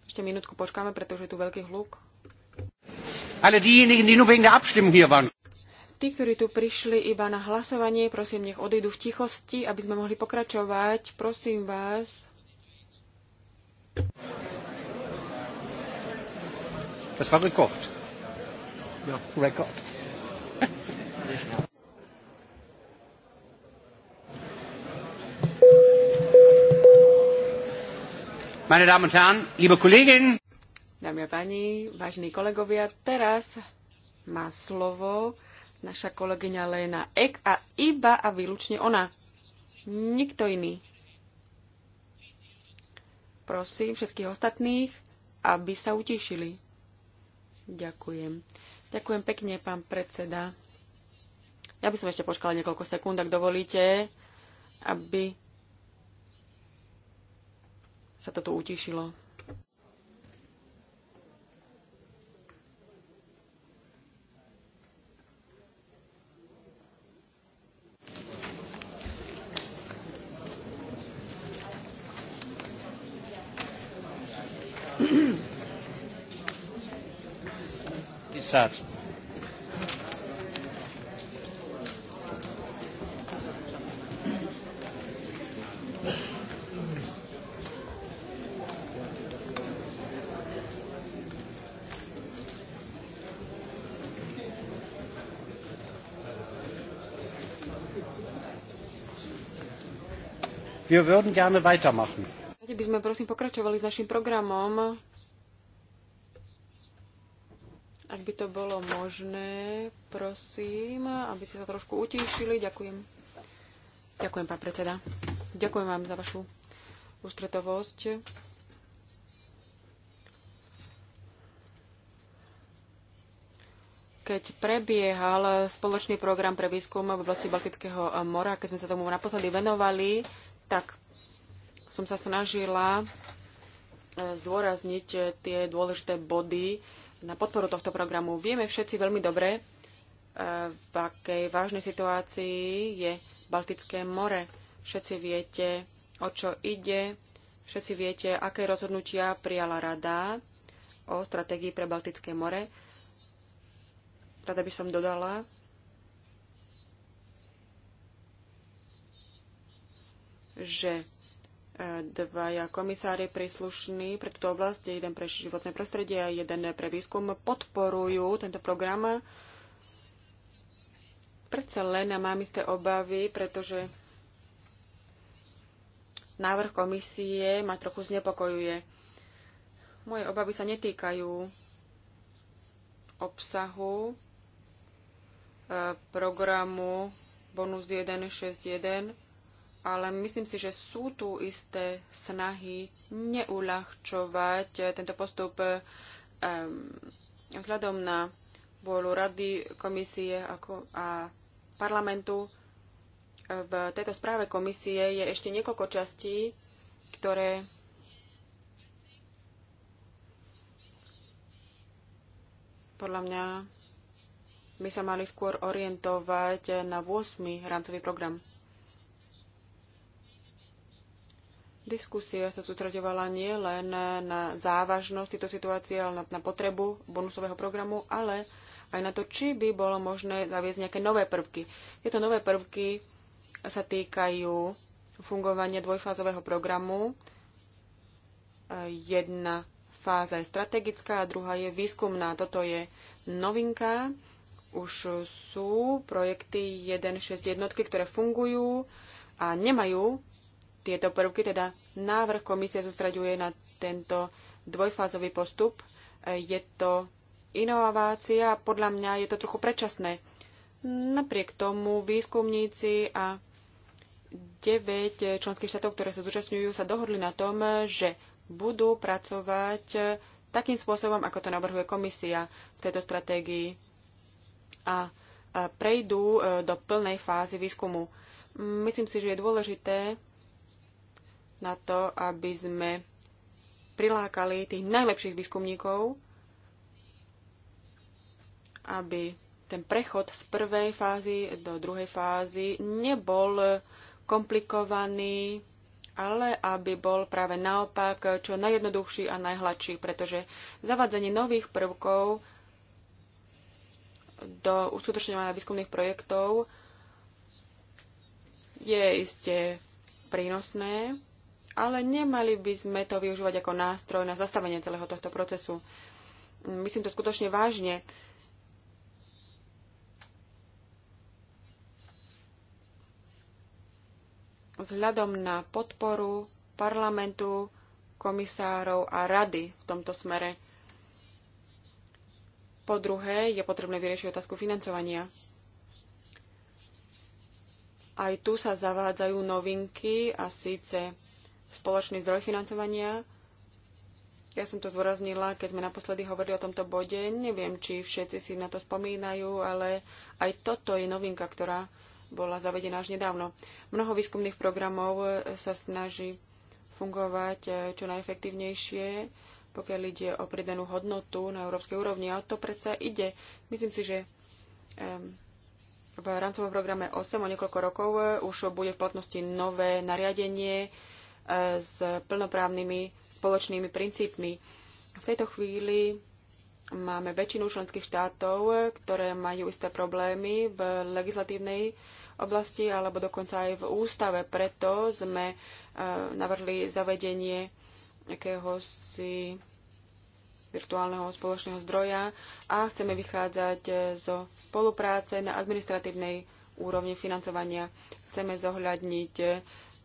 A: Ešte minútku počkáme, pretože je tu veľký hluk. Ale diejenigen, die nur wegen der Abstimmung hier waren. Tí, ktorí tu prišli iba na hlasovanie, prosím, nech odídu v tichosti, aby sme mohli pokračovať. Prosím vás. Das war Rekord. Ja. Rekord.
B: Meine Damen und Herren, liebe Kolleginnen.
A: Dámy a páni, vážení kolegovia, teraz má slovo naša kolegyňa Léna Ek a iba a výlučne ona. Nikto iný. Prosím všetkých ostatných, aby sa utišili. Ďakujem. Ďakujem pekne, pán predseda. Ja by som ešte počkala niekoľko sekúnd, ak dovolíte, aby sa to tu utišilo. start. Wir würden gerne weitermachen. By sme prosím pokračovali s našim programom. Ak by to bolo možné, prosím, aby ste sa trošku utíšili. Ďakujem. Ďakujem, pán predseda. Ďakujem vám za vašu ústretovosť. Keď prebiehal spoločný program pre výskum v oblasti Baltického mora, keď sme sa tomu naposledy venovali, tak som sa snažila eh, zdôrazniť tie dôležité body, na podporu tohto programu. Vieme všetci veľmi dobre, e, v akej vážnej situácii je Baltické more. Všetci viete, o čo ide. Všetci viete, aké rozhodnutia prijala Rada o stratégii pre Baltické more. Rada by som dodala, že dvaja komisári príslušní pre túto oblasť, jeden pre životné prostredie a jeden pre výskum, podporujú tento program. Predsa len mám isté obavy, pretože návrh komisie ma trochu znepokojuje. Moje obavy sa netýkajú obsahu eh, programu Bonus 161 ale myslím si, že sú tu isté snahy neuľahčovať tento postup um, vzhľadom na vôľu rady, komisie ako, a parlamentu. V tejto správe komisie je ešte niekoľko častí, ktoré podľa mňa by sa mali skôr orientovať na 8. rámcový program. Diskusia sa sústreďovala nie len na závažnosť tejto situácie, ale na, na potrebu bonusového programu, ale aj na to, či by bolo možné zaviesť nejaké nové prvky. Tieto nové prvky sa týkajú fungovania dvojfázového programu. Jedna fáza je strategická a druhá je výskumná. Toto je novinka. Už sú projekty 1.6 jednotky, ktoré fungujú a nemajú tieto prvky, teda návrh komisie zostraďuje na tento dvojfázový postup. Je to inovácia a podľa mňa je to trochu predčasné. Napriek tomu výskumníci a 9 členských štátov, ktoré sa zúčastňujú, sa dohodli na tom, že budú pracovať takým spôsobom, ako to navrhuje komisia v tejto stratégii a prejdú e, do plnej fázy výskumu. Myslím si, že je dôležité na to, aby sme prilákali tých najlepších výskumníkov, aby ten prechod z prvej fázy do druhej fázy nebol komplikovaný, ale aby bol práve naopak čo najjednoduchší a najhladší, pretože zavádzanie nových prvkov do uskutočňovania výskumných projektov je iste prínosné, ale nemali by sme to využívať ako nástroj na zastavenie celého tohto procesu. Myslím to skutočne vážne. Vzhľadom na podporu parlamentu, komisárov a rady v tomto smere. Po druhé, je potrebné vyriešiť otázku financovania. Aj tu sa zavádzajú novinky a síce spoločný zdroj financovania. Ja som to zdôraznila, keď sme naposledy hovorili o tomto bode. Neviem, či všetci si na to spomínajú, ale aj toto je novinka, ktorá bola zavedená až nedávno. Mnoho výskumných programov e, sa snaží fungovať e, čo najefektívnejšie, pokiaľ ide o pridanú hodnotu na európskej úrovni. A o to predsa ide. Myslím si, že v rámcovom programe 8 o niekoľko rokov e, už bude v platnosti nové nariadenie, s plnoprávnymi spoločnými princípmi. V tejto chvíli máme väčšinu členských štátov, ktoré majú isté problémy v legislatívnej oblasti alebo dokonca aj v ústave. Preto sme e, navrhli zavedenie si virtuálneho spoločného zdroja a chceme vychádzať e, zo spolupráce na administratívnej úrovni financovania. Chceme zohľadniť e,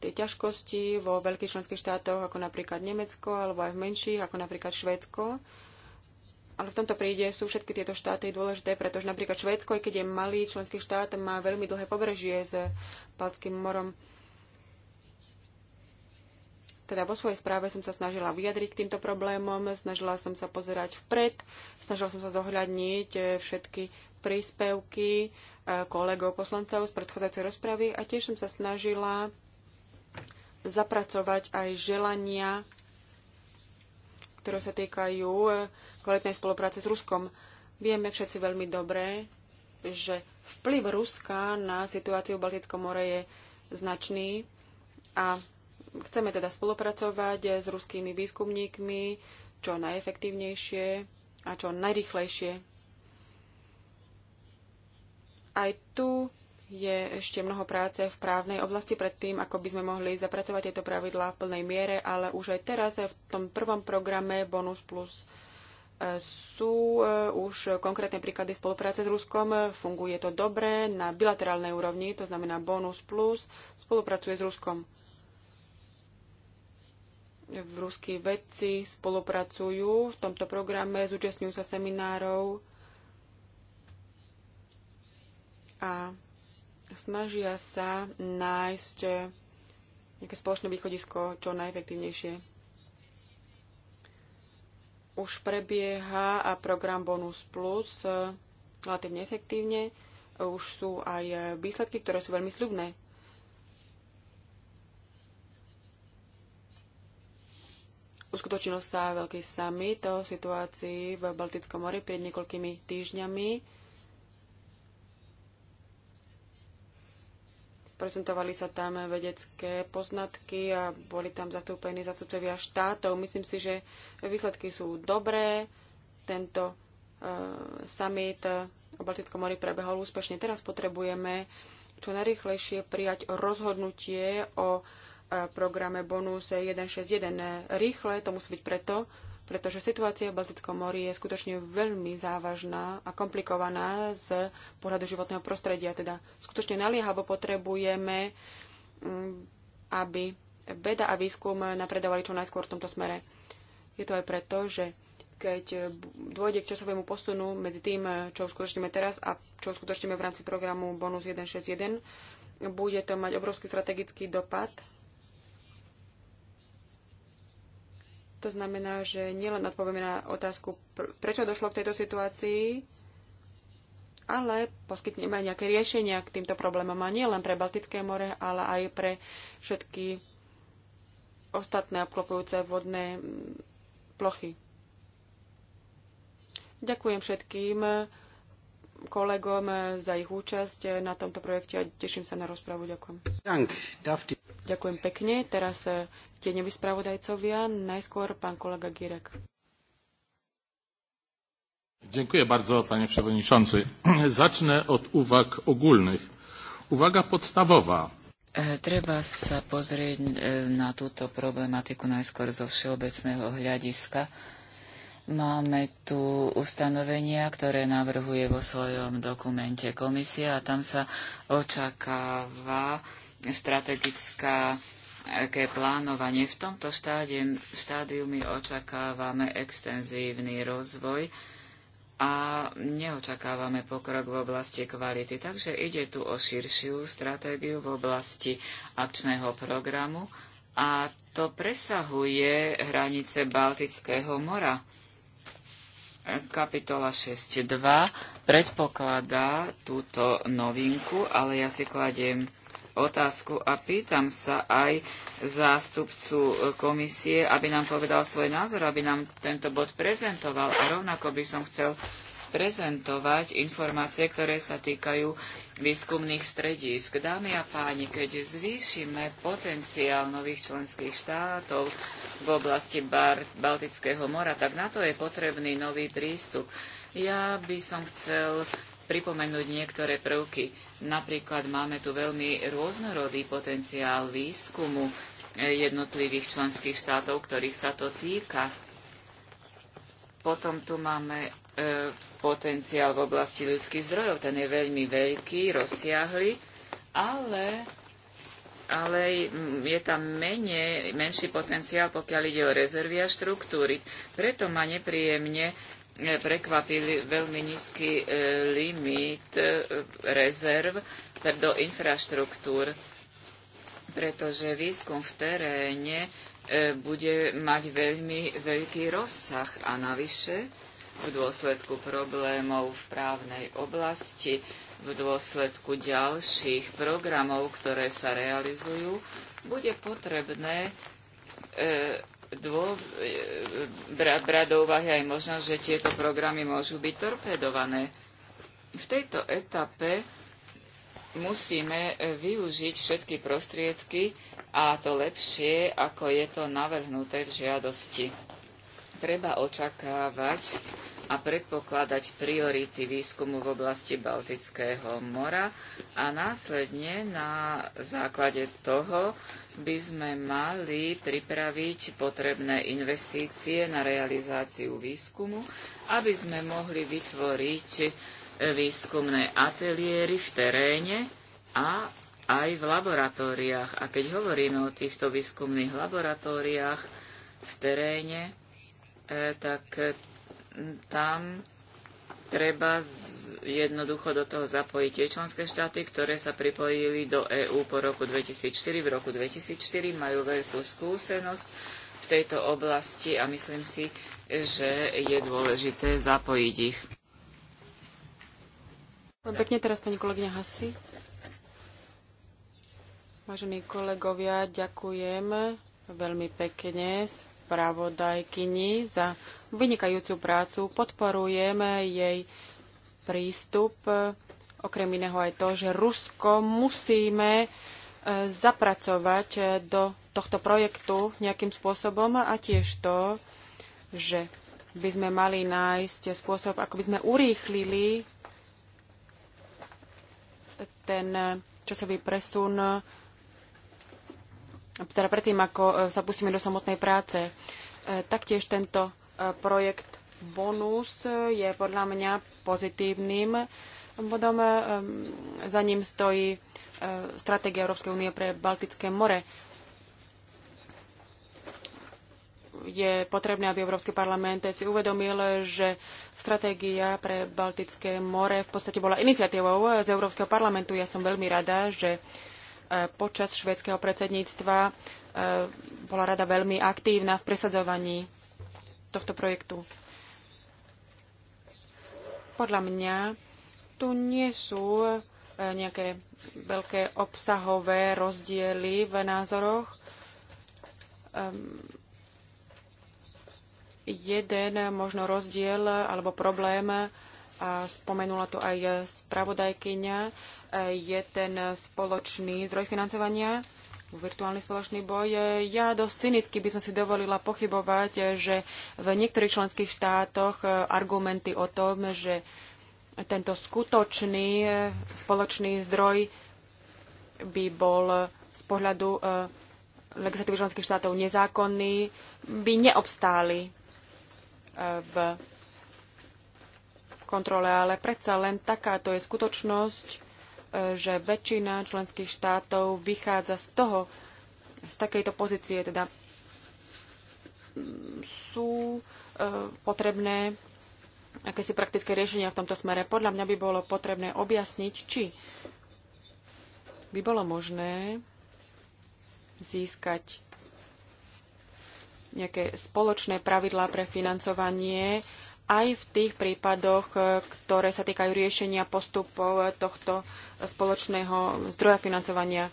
A: tie ťažkosti vo veľkých členských štátoch, ako napríklad Nemecko, alebo aj v menších, ako napríklad Švédsko. Ale v tomto príde sú všetky tieto štáty dôležité, pretože napríklad Švédsko, aj keď je malý členský štát, má veľmi dlhé pobrežie s Balckým morom. Teda vo svojej správe som sa snažila vyjadriť k týmto problémom, snažila som sa pozerať vpred, snažila som sa zohľadniť eh, všetky príspevky eh, kolegov poslancov z predchádzajúcej rozpravy a tiež som sa snažila zapracovať aj želania, ktoré sa týkajú kvalitnej spolupráce s Ruskom. Vieme všetci veľmi dobre, že vplyv Ruska na situáciu v Baltickom more je značný a chceme teda spolupracovať s ruskými výskumníkmi čo najefektívnejšie a čo najrychlejšie. Aj tu je ešte mnoho práce v právnej oblasti pred tým, ako by sme mohli zapracovať tieto pravidlá v plnej miere, ale už aj teraz v tom prvom programe Bonus Plus e, sú e, už konkrétne príklady spolupráce s Ruskom. Funguje to dobre na bilaterálnej úrovni, to znamená Bonus Plus spolupracuje s Ruskom. V Ruskí vedci spolupracujú v tomto programe, zúčastňujú sa seminárov a Snažia sa nájsť eh, nejaké spoločné východisko čo najefektívnejšie. Už prebieha a program Bonus Plus eh, relatívne efektívne. Už sú aj eh, výsledky, ktoré sú veľmi sľubné. Uskutočnil sa veľký summit o situácii v Baltickom mori pred niekoľkými týždňami Prezentovali sa tam vedecké poznatky a boli tam zastúpení zastupcovia štátov. Myslím si, že výsledky sú dobré. Tento e, summit o Baltickom mori prebehol úspešne. Teraz potrebujeme čo najrychlejšie prijať rozhodnutie o e, programe Bonus 161 e rýchle. To musí byť preto, pretože situácia v Baltickom mori je skutočne veľmi závažná a komplikovaná z pohľadu životného prostredia. Teda skutočne naliehavo potrebujeme, mm, aby veda a výskum napredovali čo najskôr v tomto smere. Je to aj preto, že keď dôjde k časovému posunu medzi tým, čo uskutočníme teraz a čo uskutočníme v rámci programu Bonus 161, bude to mať obrovský strategický dopad To znamená, že nielen odpovieme na otázku, prečo došlo k tejto situácii, ale poskytneme aj nejaké riešenia k týmto problémom a nie len pre Baltické more, ale aj pre všetky ostatné obklopujúce vodné plochy. Ďakujem všetkým kolegom za ich účasť na tomto projekte a teším sa na rozpravu. Ďakujem. Ďakujem pekne. Teraz eh, Najskôr pán kolega Girek.
B: Dziękuję bardzo, panie przewodniczący. *clears throat* Zacznę od uwag ogólnych. Uwaga podstawowa.
C: E, treba sa pozrieť e, na túto problematiku najskôr zo všeobecného hľadiska. Máme tu ustanovenia, ktoré navrhuje vo svojom dokumente komisia a tam sa očakáva strategická aké plánovanie. V tomto štádiu, štádiu my očakávame extenzívny rozvoj a neočakávame pokrok v oblasti kvality. Takže ide tu o širšiu stratégiu v oblasti akčného programu a to presahuje hranice Baltického mora. Kapitola 6.2 predpokladá túto novinku, ale ja si kladiem otázku a pýtam sa aj zástupcu e, komisie, aby nám povedal svoj názor, aby nám tento bod prezentoval a rovnako by som chcel prezentovať informácie, ktoré sa týkajú výskumných stredísk. Dámy a páni, keď zvýšime potenciál nových členských štátov v oblasti Baltického mora, tak na to je potrebný nový prístup. Ja by som chcel pripomenúť niektoré prvky. Napríklad máme tu veľmi rôznorodý potenciál výskumu eh, jednotlivých členských štátov, ktorých sa to týka. Potom tu máme e, potenciál v oblasti ľudských zdrojov. Ten je veľmi veľký, rozsiahly, ale, ale je tam menej, menší potenciál, pokiaľ ide o rezervy a štruktúry. Preto ma nepríjemne prekvapili veľmi nízky e, limit e, rezerv do infraštruktúr, pretože výskum v teréne e, bude mať veľmi veľký rozsah a navyše v dôsledku problémov v právnej oblasti, v dôsledku ďalších programov, ktoré sa realizujú, bude potrebné dô, e, bra, brať do úvahy aj možnosť, že tieto programy môžu byť torpedované. V tejto etape musíme e, využiť všetky prostriedky a to lepšie, ako je to navrhnuté v žiadosti. Treba očakávať a predpokladať priority výskumu v oblasti Baltického mora a následne na základe toho by sme mali pripraviť potrebné investície na realizáciu výskumu, aby sme mohli vytvoriť e, výskumné ateliéry v teréne a aj v laboratóriách. A keď hovoríme o týchto výskumných laboratóriách v teréne, e, tak e, tam treba jednoducho do toho zapojiť tie členské štáty, ktoré sa pripojili do EÚ po roku 2004. V roku 2004 majú veľkú skúsenosť v tejto oblasti a myslím si, že je dôležité zapojiť ich.
A: Pekne teraz pani kolegyňa Hasi. Vážení kolegovia, ďakujem veľmi pekne spravodajkyni za vynikajúcu prácu, podporujeme jej prístup, okrem iného aj to, že Rusko musíme e, zapracovať do tohto projektu nejakým spôsobom a tiež to, že by sme mali nájsť spôsob, ako by sme urýchlili ten časový presun teda predtým, ako e, sa pustíme do samotnej práce. E, taktiež tento projekt bonus je podľa mňa pozitívnym bodom. Ehm, za ním stojí e, stratégia Európskej únie pre Baltické more. Je potrebné, aby Európsky parlament si uvedomil, že stratégia pre Baltické more v podstate bola iniciatívou z Európskeho parlamentu. Ja som veľmi rada, že e, počas švédskeho predsedníctva e, bola rada veľmi aktívna v presadzovaní tohto projektu. Podľa mňa tu nie sú e, nejaké veľké obsahové rozdiely v názoroch. Um, jeden možno rozdiel alebo problém, a spomenula to aj spravodajkyňa, e, je ten spoločný zdroj financovania virtuálny spoločný boj. Ja dosť cynicky by som si dovolila pochybovať, že v niektorých členských štátoch e, argumenty o tom, že tento skutočný e, spoločný zdroj by bol z pohľadu e, legislatívy členských štátov nezákonný, by neobstáli v kontrole, ale predsa len takáto je skutočnosť že väčšina členských štátov vychádza z toho, z takejto pozície, teda mm, sú e, potrebné akési praktické riešenia v tomto smere. Podľa mňa by bolo potrebné objasniť, či by bolo možné získať nejaké spoločné pravidlá pre financovanie aj v tých prípadoch, e, ktoré sa týkajú riešenia postupov tohto spoločného zdroja financovania eh,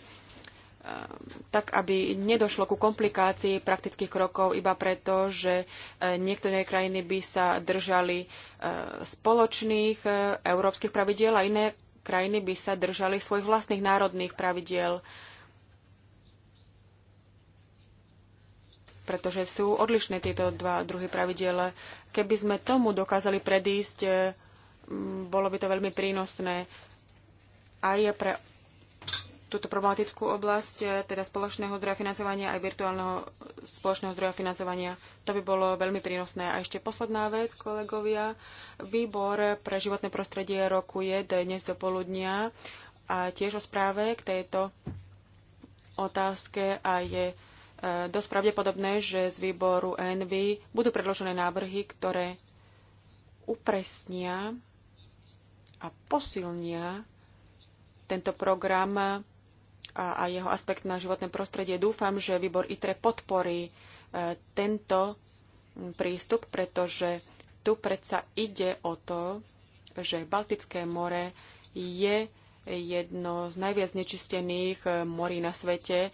A: tak, aby nedošlo ku komplikácii praktických krokov iba preto, že eh, niektoré krajiny by sa držali eh, spoločných európskych pravidiel a iné krajiny by sa držali svojich vlastných národných pravidiel, pretože sú odlišné tieto dva druhy pravidiel. Keby sme tomu dokázali predísť, bolo by to veľmi prínosné aj pre túto problematickú oblasť, eh, teda spoločného zdroja financovania aj virtuálneho spoločného zdroja financovania. To by bolo veľmi prínosné. A ešte posledná vec, kolegovia. Výbor pre životné prostredie roku je dnes do poludnia a tiež o správe k tejto otázke a je eh, dosť pravdepodobné, že z výboru NV budú predložené návrhy, ktoré upresnia a posilnia tento program a, a jeho aspekt na životné prostredie. Dúfam, že výbor ITRE podporí e, tento prístup, pretože tu predsa ide o to, že Baltické more je jedno z najviac nečistených e, morí na svete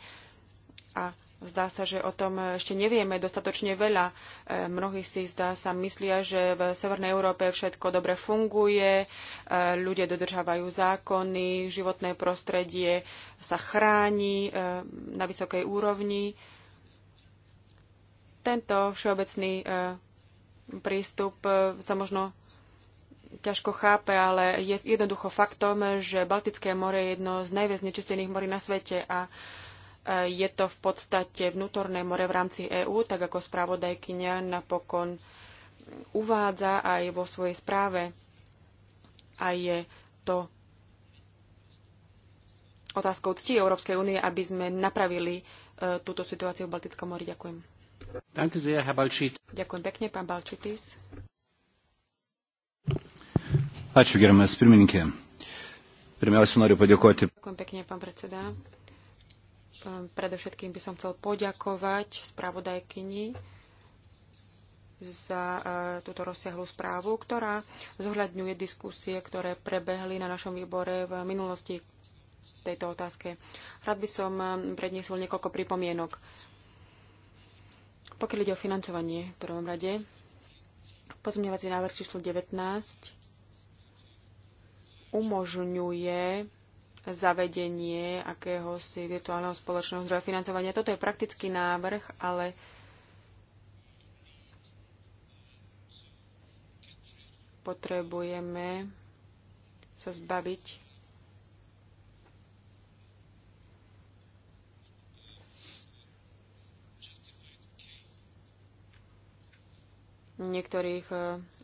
A: a Zdá sa, že o tom ešte nevieme dostatočne veľa. E, mnohí si zdá sa myslia, že v Severnej Európe všetko dobre funguje, e, ľudia dodržávajú zákony, životné prostredie sa chráni e, na vysokej úrovni. Tento všeobecný prístup sa možno ťažko chápe, ale je jednoducho faktom, že Baltické more je jedno z najviac nečistených morí na svete a E, je to v podstate vnútorné more v rámci EÚ, tak ako spravodajkyňa napokon uvádza aj vo svojej správe. A je to otázkou cti Európskej únie, aby sme napravili e, túto situáciu v Baltickom mori. Ďakujem. Ďakujem pekne, pán Balčitis.
B: Ačiū, gerbiamas pirmininkė. Pirmiausia, noriu padėkoti.
A: Ďakujem pekne, pán predseda. Ehm, predovšetkým by som chcel poďakovať spravodajkyni za e, túto rozsiahlú správu, ktorá zohľadňuje diskusie, ktoré prebehli na našom výbore v minulosti k tejto otázke. Rád by som ehm, predniesol niekoľko pripomienok. Pokiaľ ide o financovanie v prvom rade, pozmeňovací návrh číslo 19 umožňuje zavedenie akéhosi virtuálneho spoločného zdroja financovania. Toto je praktický návrh, ale potrebujeme sa zbaviť niektorých e,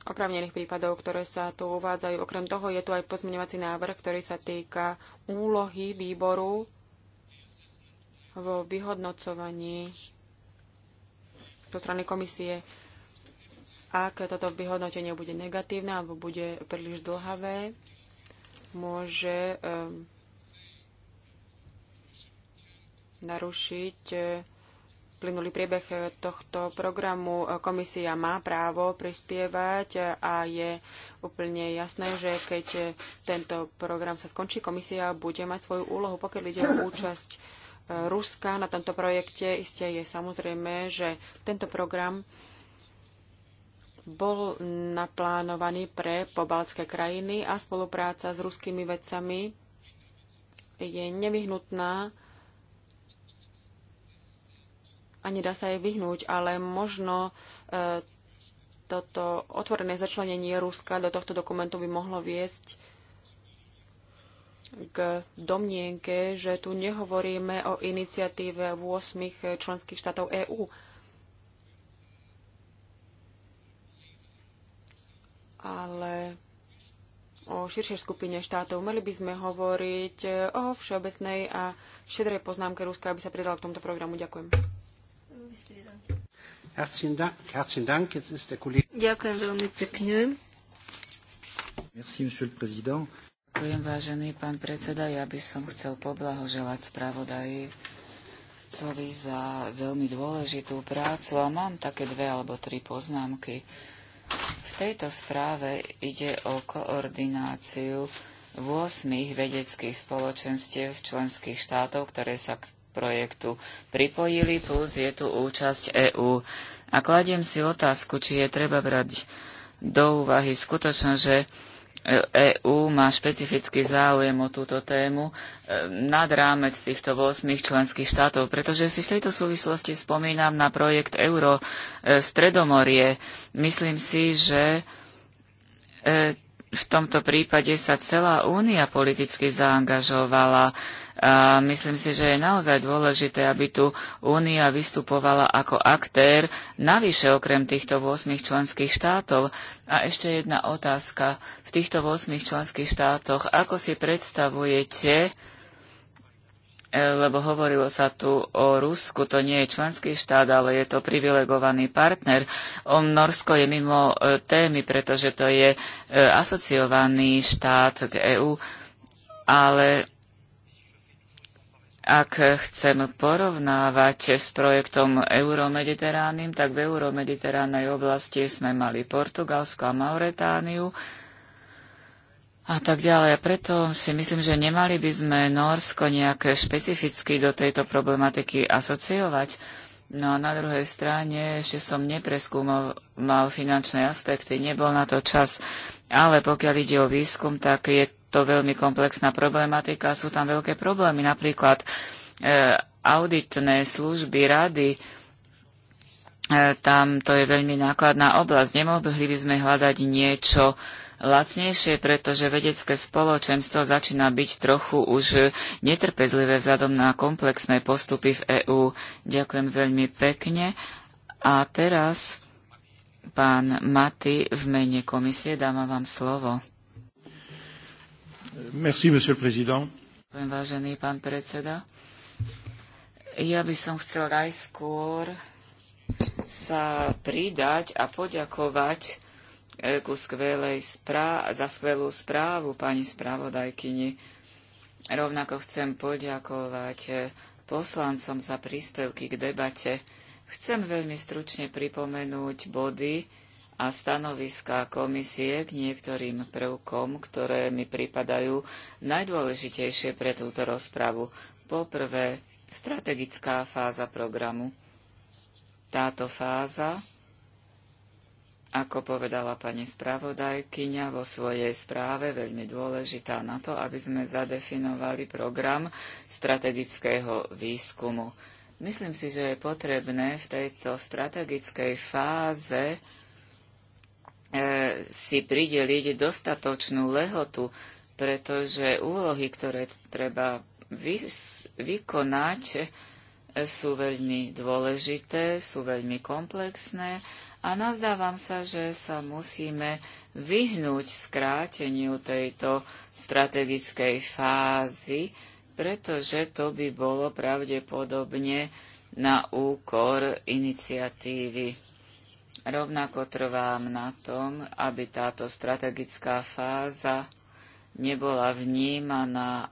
A: opravnených prípadov, ktoré sa tu uvádzajú. Okrem toho je tu aj pozmeňovací návrh, ktorý sa týka úlohy výboru vo vyhodnocovaní zo strany komisie. Ak toto vyhodnotenie bude negatívne alebo bude príliš dlhavé, môže e, narušiť e, plynulý priebeh eh, tohto programu. Eh, komisia má právo prispievať a je úplne jasné, že keď eh, tento program sa skončí, komisia bude mať svoju úlohu, pokiaľ ide o účasť Ruska na tomto projekte. Isté je samozrejme, že tento program bol naplánovaný pre pobaltské krajiny a spolupráca s ruskými vedcami je nevyhnutná a nedá sa jej vyhnúť, ale možno e, toto otvorené začlenenie Ruska do tohto dokumentu by mohlo viesť k domnienke, že tu nehovoríme o iniciatíve v 8 členských štátov EÚ. ale o širšej skupine štátov. Mali by sme hovoriť o všeobecnej a šedrej poznámke Ruska, aby sa pridala k tomuto programu. Ďakujem.
C: Ďakujem veľmi pekne. Ďakujem, vážený pán predseda. Ja by som chcel poblahoželať spravodajcovi za veľmi dôležitú prácu a mám také dve alebo tri poznámky. V tejto správe ide o koordináciu 8 vedeckých spoločenstiev členských štátov, ktoré sa k projektu pripojili, plus je tu účasť EÚ. A kladiem si otázku, či je treba brať do úvahy skutočnosť, že EÚ má špecifický záujem o túto tému e, nad rámec týchto 8 členských štátov, pretože si v tejto súvislosti spomínam na projekt Euro e, Stredomorie. Myslím si, že e, v tomto prípade sa celá únia politicky zaangažovala. A myslím si, že je naozaj dôležité, aby tu únia vystupovala ako aktér, navyše okrem týchto 8 členských štátov. A ešte jedna otázka. V týchto 8 členských štátoch, ako si predstavujete, lebo hovorilo sa tu o Rusku, to nie je členský štát, ale je to privilegovaný partner. O Norsko je mimo e, témy, pretože to je e, asociovaný štát k EÚ, ale ak chcem porovnávať s projektom Euromediteránnym, tak v Euromediteránnej oblasti sme mali Portugalsko a Mauretániu, a tak ďalej. Preto si myslím, že nemali by sme Norsko nejaké špecificky do tejto problematiky asociovať. No a na druhej strane ešte som nepreskúmal mal finančné aspekty, nebol na to čas. Ale pokiaľ ide o výskum, tak je to veľmi komplexná problematika. Sú tam veľké problémy, napríklad e, auditné služby, rady, e, tam to je veľmi nákladná oblasť. Nemohli by sme hľadať niečo, e, lacnejšie, pretože vedecké spoločenstvo začína byť trochu už netrpezlivé vzhľadom na komplexné postupy v EÚ. Ďakujem veľmi pekne. A teraz pán Maty v mene komisie dáma vám slovo. Merci,
B: monsieur président.
C: Ďakujem, Vážený pán predseda, ja by som chcel aj skôr sa pridať a poďakovať ku skvelej správ- za skvelú správu pani správodajkyni. Rovnako chcem poďakovať eh, poslancom za príspevky k debate. Chcem veľmi stručne pripomenúť body a stanoviská komisie k niektorým prvkom, ktoré mi pripadajú najdôležitejšie pre túto rozpravu. Poprvé, strategická fáza programu. Táto fáza ako povedala pani spravodajkyňa vo svojej správe, veľmi dôležitá na to, aby sme zadefinovali program strategického výskumu. Myslím si, že je potrebné v tejto strategickej fáze e, si prideliť dostatočnú lehotu, pretože úlohy, ktoré treba vykonať, e, sú veľmi dôležité, sú veľmi komplexné a nazdávam sa, že sa musíme vyhnúť skráteniu tejto strategickej fázy, pretože to by bolo pravdepodobne na úkor iniciatívy. Rovnako trvám na tom, aby táto strategická fáza nebola vnímaná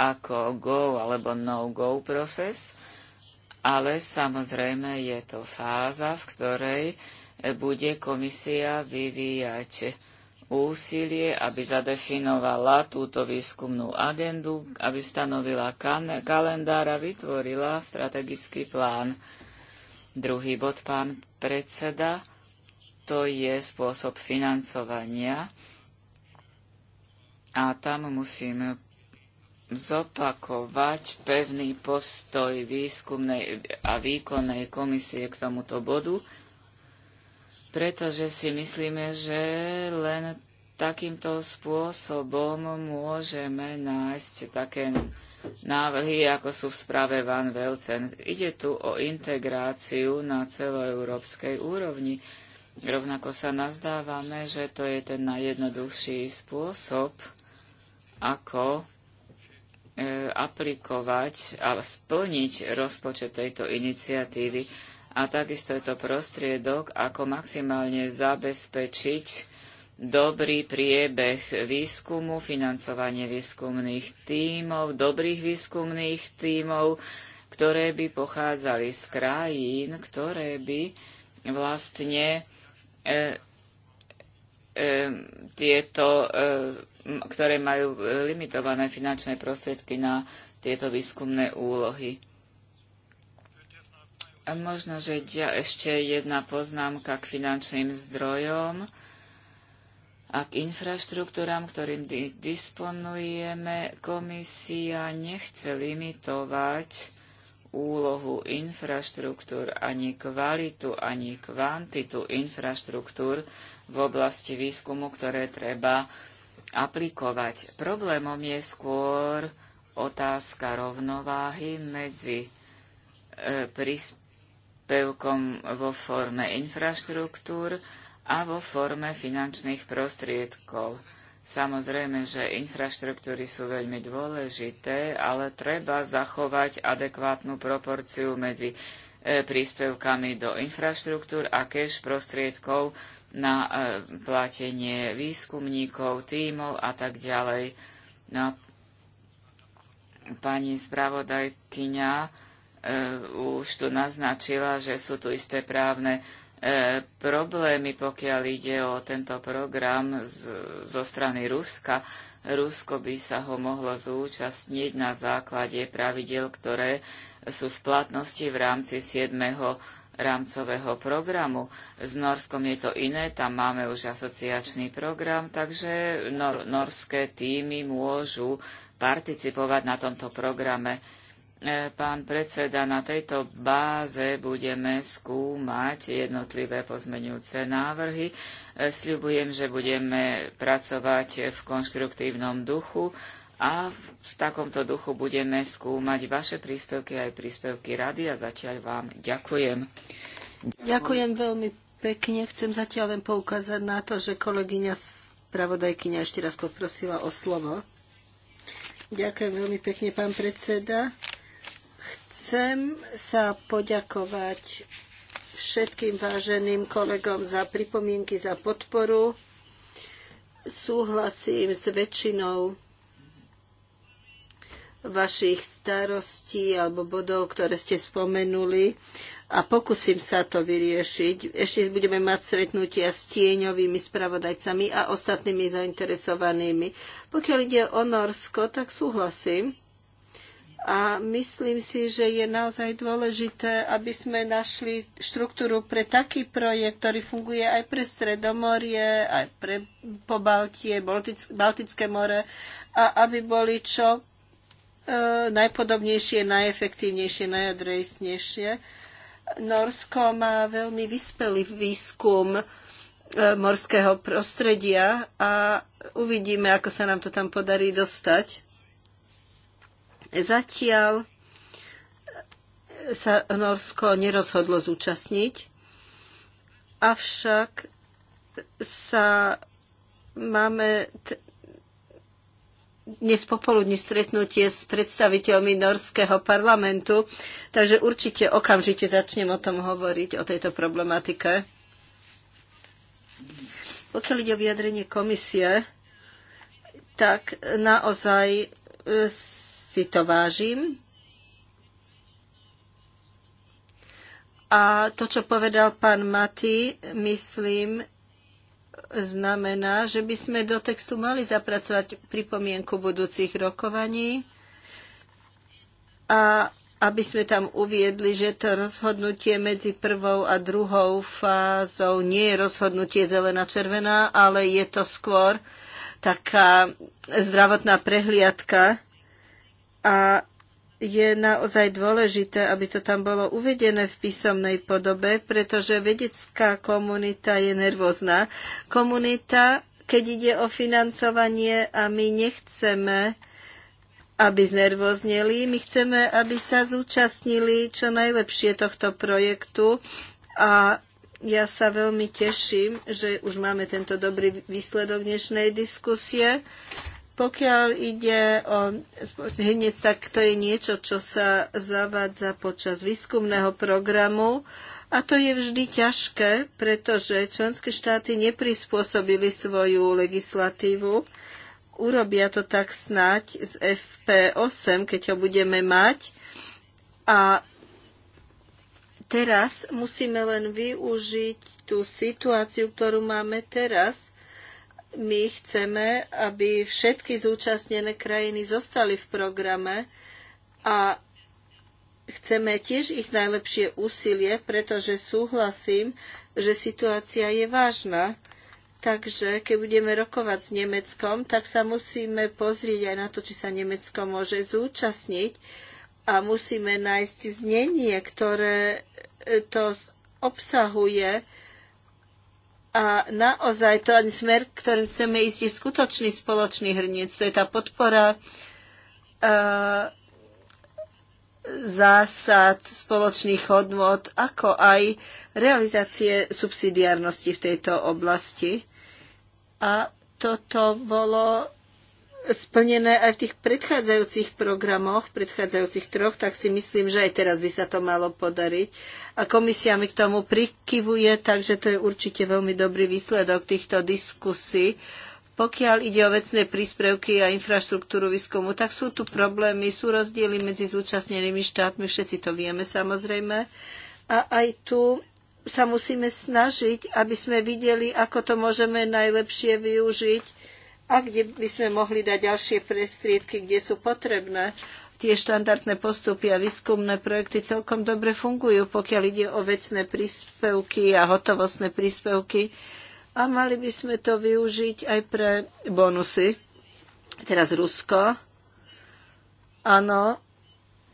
C: ako go alebo no-go proces, ale samozrejme je to fáza, v ktorej bude komisia vyvíjať úsilie, aby zadefinovala túto výskumnú agendu, aby stanovila kalendár a vytvorila strategický plán. Druhý bod, pán predseda, to je spôsob financovania. A tam musím zopakovať pevný postoj výskumnej a výkonnej komisie k tomuto bodu, pretože si myslíme, že len takýmto spôsobom môžeme nájsť také návrhy, ako sú v správe Van Velcen. Ide tu o integráciu na celoeurópskej úrovni. Rovnako sa nazdávame, že to je ten najjednoduchší spôsob, ako E, aplikovať a splniť rozpočet tejto iniciatívy. A takisto je to prostriedok, ako maximálne zabezpečiť dobrý priebeh výskumu, financovanie výskumných tímov, dobrých výskumných tímov, ktoré by pochádzali z krajín, ktoré by vlastne e, e, tieto e, ktoré majú e, limitované finančné prostriedky na tieto výskumné úlohy. A možno, že ešte jedna poznámka k finančným zdrojom a k infraštruktúram, ktorým disponujeme. Komisia nechce limitovať úlohu infraštruktúr, ani kvalitu, ani kvantitu infraštruktúr v oblasti výskumu, ktoré treba aplikovať. Problémom je skôr otázka rovnováhy medzi e, príspevkom vo forme infraštruktúr a vo forme finančných prostriedkov. Samozrejme, že infraštruktúry sú veľmi dôležité, ale treba zachovať adekvátnu proporciu medzi e, príspevkami do infraštruktúr a cash prostriedkov na e, platenie výskumníkov, tímov a tak ďalej. No, pani spravodajkyňa e, už tu naznačila, že sú tu isté právne e, problémy, pokiaľ ide o tento program z, zo strany Ruska. Rusko by sa ho mohlo zúčastniť na základe pravidel, ktoré sú v platnosti v rámci 7 rámcového programu. S Norskom je to iné, tam máme už asociačný program, takže nor- norské týmy môžu participovať na tomto programe. E, pán predseda, na tejto báze budeme skúmať jednotlivé pozmeňujúce návrhy. E, sľubujem, že budeme pracovať v konštruktívnom duchu a v takomto duchu budeme skúmať vaše príspevky aj príspevky rady a zatiaľ vám ďakujem.
B: Ďakujem, ďakujem veľmi pekne. Chcem zatiaľ len poukázať na to, že kolegyňa spravodajkyňa ešte raz poprosila o slovo. Ďakujem veľmi pekne, pán predseda. Chcem sa poďakovať všetkým váženým kolegom za pripomienky, za podporu. Súhlasím s väčšinou vašich starostí alebo bodov, ktoré ste spomenuli a pokúsim sa to vyriešiť. Ešte budeme mať stretnutia s tieňovými spravodajcami a ostatnými zainteresovanými. Pokiaľ ide o Norsko, tak súhlasím. A myslím si, že je naozaj dôležité, aby sme našli štruktúru pre taký projekt, ktorý funguje aj pre Stredomorie, aj pre Pobaltie, Baltické more a aby boli čo najpodobnejšie, najefektívnejšie, najadresnejšie. Norsko má veľmi vyspelý výskum e, morského prostredia a uvidíme, ako sa nám to tam podarí dostať. Zatiaľ sa Norsko nerozhodlo zúčastniť, avšak sa máme dnes popoludní stretnutie s predstaviteľmi norského parlamentu, takže určite okamžite začnem o tom hovoriť, o tejto problematike. Pokiaľ ide o vyjadrenie komisie, tak naozaj e, si to vážim. A to, čo povedal pán Maty, myslím, znamená, že by sme do textu mali zapracovať pripomienku budúcich rokovaní a aby sme tam uviedli, že to rozhodnutie medzi prvou a druhou fázou nie je rozhodnutie zelená-červená, ale je to skôr taká zdravotná prehliadka a je naozaj dôležité, aby to tam bolo uvedené v písomnej podobe, pretože vedecká komunita je nervózna. Komunita, keď ide o financovanie a my nechceme, aby znervozneli, my chceme, aby sa zúčastnili čo najlepšie tohto projektu a ja sa veľmi teším, že už máme tento dobrý výsledok dnešnej diskusie pokiaľ ide o spoločný tak to je niečo, čo sa zavádza počas výskumného programu a to je vždy ťažké, pretože členské štáty neprispôsobili svoju legislatívu. Urobia to tak snať z FP8, keď ho budeme mať. A teraz musíme len využiť tú situáciu, ktorú máme teraz, my chceme, aby všetky zúčastnené krajiny zostali v programe a chceme tiež ich najlepšie úsilie, pretože súhlasím, že situácia je vážna. Takže keď budeme rokovať s Nemeckom, tak sa musíme pozrieť aj na to, či sa Nemecko môže zúčastniť a musíme nájsť znenie, ktoré to obsahuje, a naozaj to ani smer, ktorým chceme ísť, je skutočný spoločný hrniec. To je tá podpora uh, zásad spoločných hodnot, ako aj realizácie subsidiárnosti v tejto oblasti. A toto bolo splnené aj v tých predchádzajúcich programoch, predchádzajúcich troch, tak si myslím, že aj teraz by sa to malo podariť. A komisia mi k tomu prikyvuje, takže to je určite veľmi dobrý výsledok týchto diskusí. Pokiaľ ide o vecné príspevky a infraštruktúru výskumu, tak sú tu problémy, sú rozdiely medzi zúčastnenými štátmi, všetci to vieme samozrejme. A aj tu sa musíme snažiť, aby sme videli, ako to môžeme najlepšie využiť a kde by sme mohli dať ďalšie prestriedky, kde sú potrebné. Tie štandardné postupy a výskumné projekty celkom dobre fungujú, pokiaľ ide o vecné príspevky a hotovostné príspevky. A mali by sme to využiť aj pre bonusy. Teraz Rusko. Áno,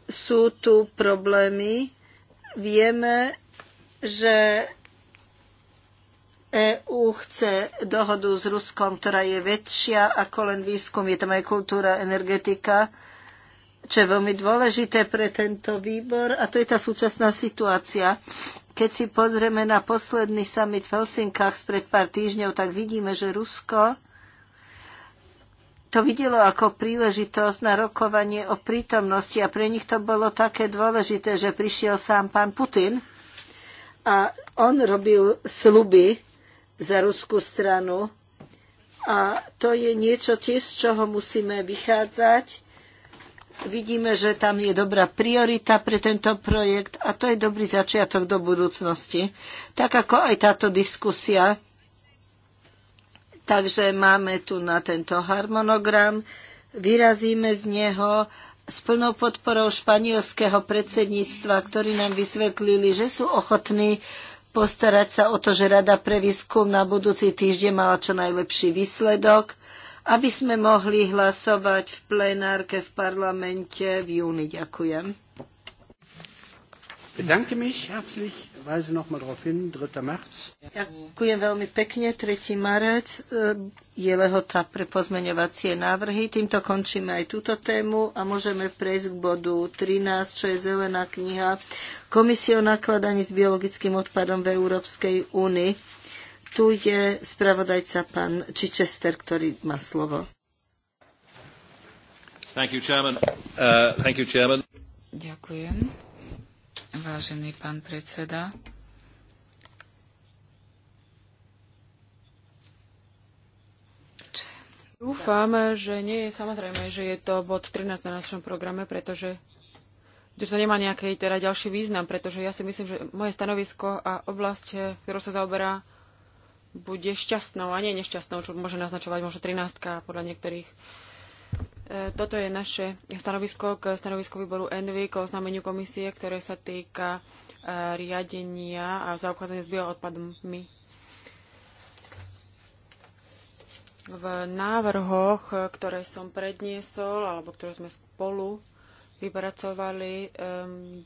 B: sú tu problémy. Vieme, že EÚ chce dohodu s Ruskom, ktorá je väčšia ako len výskum, je tam aj kultúra, energetika, čo je veľmi dôležité pre tento výbor a to je tá súčasná situácia. Keď si pozrieme na posledný summit v Helsinkách spred pár týždňov, tak vidíme, že Rusko to videlo ako príležitosť na rokovanie o prítomnosti a pre nich to bolo také dôležité, že prišiel sám pán Putin a on robil sluby za ruskú stranu. A to je niečo tiež, z čoho musíme vychádzať. Vidíme, že tam je dobrá priorita pre tento projekt a to je dobrý začiatok do budúcnosti. Tak ako aj táto diskusia. Takže máme tu na tento harmonogram, vyrazíme z neho s plnou podporou španielského predsedníctva, ktorí nám vysvetlili, že sú ochotní postarať sa o to, že Rada pre výskum na budúci týždeň mala čo najlepší výsledok, aby sme mohli hlasovať v plenárke v parlamente v júni. Ďakujem. Bedanke mich herzlich weise nochmal darauf hin, 3. März. Ďakujem veľmi pekne. 3. marec eh, je lehota pre pozmeňovacie návrhy. Týmto končíme aj túto tému a môžeme prejsť k bodu 13, čo je zelená kniha Komisie o nakladaní s biologickým odpadom v Európskej únii. Tu je spravodajca pán Čičester, ktorý má slovo. Thank you, Chairman. Uh, thank you, Chairman.
C: Ďakujem Vážený pán predseda,
A: Dúfam, že nie je samozrejme, že je to bod 13 na našom programe, pretože že to nemá nejaký teda ďalší význam, pretože ja si myslím, že moje stanovisko a oblasť, ktorou sa zaoberá, bude šťastnou a nie nešťastnou, čo môže naznačovať možno 13 podľa niektorých. Uh, toto je naše stanovisko k stanovisku výboru ENVY k oznámeniu komisie, ktoré sa týka e, riadenia a zaobchádzania s bioodpadmi. V návrhoch, ktoré som predniesol, alebo ktoré sme spolu vypracovali,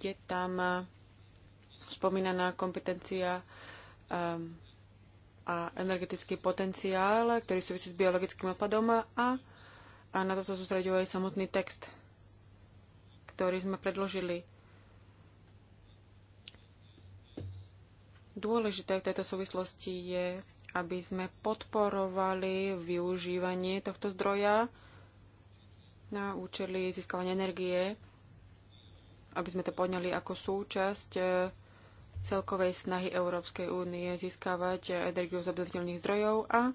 A: je tam e, spomínaná kompetencia a energetický potenciál, ktorý súvisí s biologickým odpadom a a na to sa sústredil aj samotný text, ktorý sme predložili. Dôležité v tejto súvislosti je, aby sme podporovali využívanie tohto zdroja na účely získavania energie, aby sme to podňali ako súčasť e, celkovej snahy Európskej únie získavať energiu z obnoviteľných zdrojov a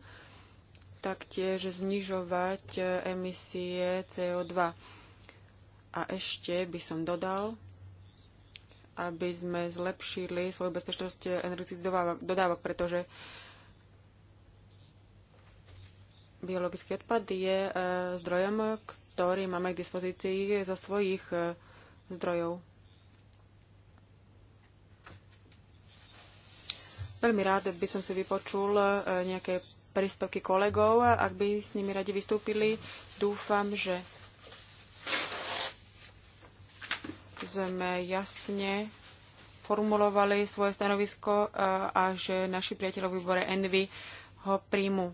A: taktiež znižovať e, emisie CO2. A ešte by som dodal, aby sme zlepšili svoju bezpečnosť energetických dodávok, pretože biologický odpad je e, zdrojom, ktorý máme k dispozícii zo svojich e, zdrojov. Veľmi rád by som si vypočul nejaké príspevky kolegov, ak by s nimi radi vystúpili. Dúfam, že sme jasne formulovali svoje stanovisko e, a že naši priateľov výbore Envy ho príjmu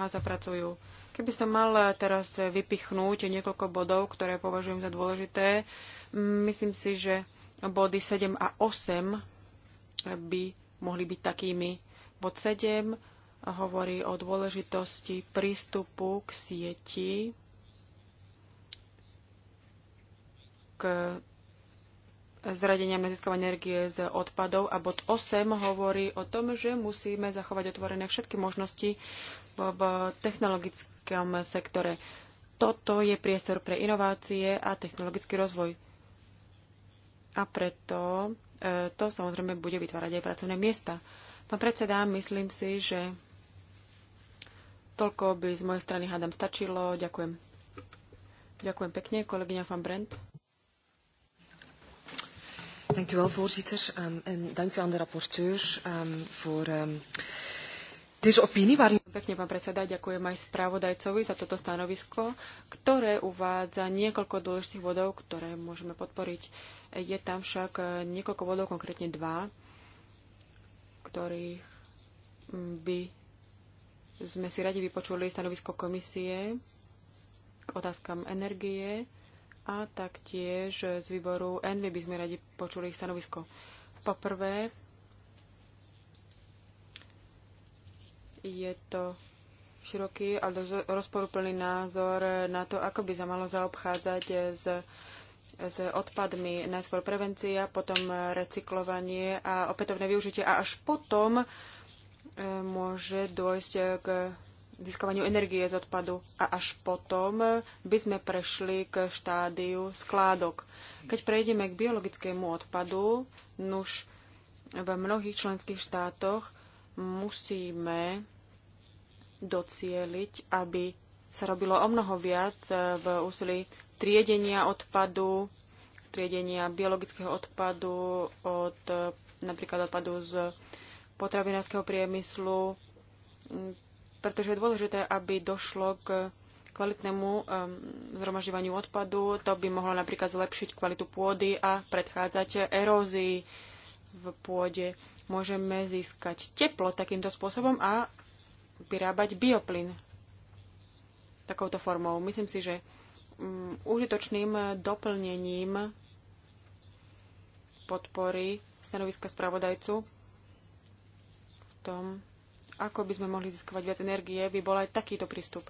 A: a zapracujú. Keby som mal teraz vypichnúť niekoľko bodov, ktoré považujem za dôležité, myslím si, že body 7 a 8 by mohli byť takými. Bod 7 hovorí o dôležitosti prístupu k sieti, k zradeniam nezískavania energie z odpadov a bod 8 hovorí o tom, že musíme zachovať otvorené všetky možnosti v technologickom sektore. Toto je priestor pre inovácie a technologický rozvoj. A preto e, to samozrejme bude vytvárať aj pracovné miesta. Pán predseda, myslím si, že Toľko by z mojej strany hádam stačilo. Ďakujem. Ďakujem pekne, kolegyňa van Brent. Dank u wel, voorzitter. Um, en dank u aan de rapporteur um, voor um, deze opinie. Waarin... Pekne, pán predseda, ďakujem aj spravodajcovi za toto stanovisko, ktoré uvádza niekoľko dôležitých vodov, ktoré môžeme podporiť. Je tam však eh, niekoľko vodov, konkrétne dva, ktorých mm, by sme si radi vypočuli stanovisko komisie k otázkam energie a taktiež z výboru ENVY by sme radi počuli ich stanovisko. Poprvé je to široký a rozporúplný názor na to, ako by sa malo zaobchádzať s, s odpadmi. Najskôr prevencia, potom recyklovanie a opätovné využitie a až potom môže dôjsť k získavaniu energie z odpadu a až potom by sme prešli k štádiu skládok. Keď prejdeme k biologickému odpadu, nuž v mnohých členských štátoch musíme docieliť, aby sa robilo o mnoho viac v úsilí triedenia odpadu, triedenia biologického odpadu od napríklad odpadu z potravinárskeho priemyslu, pretože je dôležité, aby došlo k kvalitnému zhromažďovaniu odpadu. To by mohlo napríklad zlepšiť kvalitu pôdy a predchádzať erózii v pôde. Môžeme získať teplo takýmto spôsobom a vyrábať bioplyn takouto formou. Myslím si, že mm, užitočným doplnením podpory stanoviska spravodajcu tom, ako by sme mohli získavať viac energie, by bol aj takýto prístup.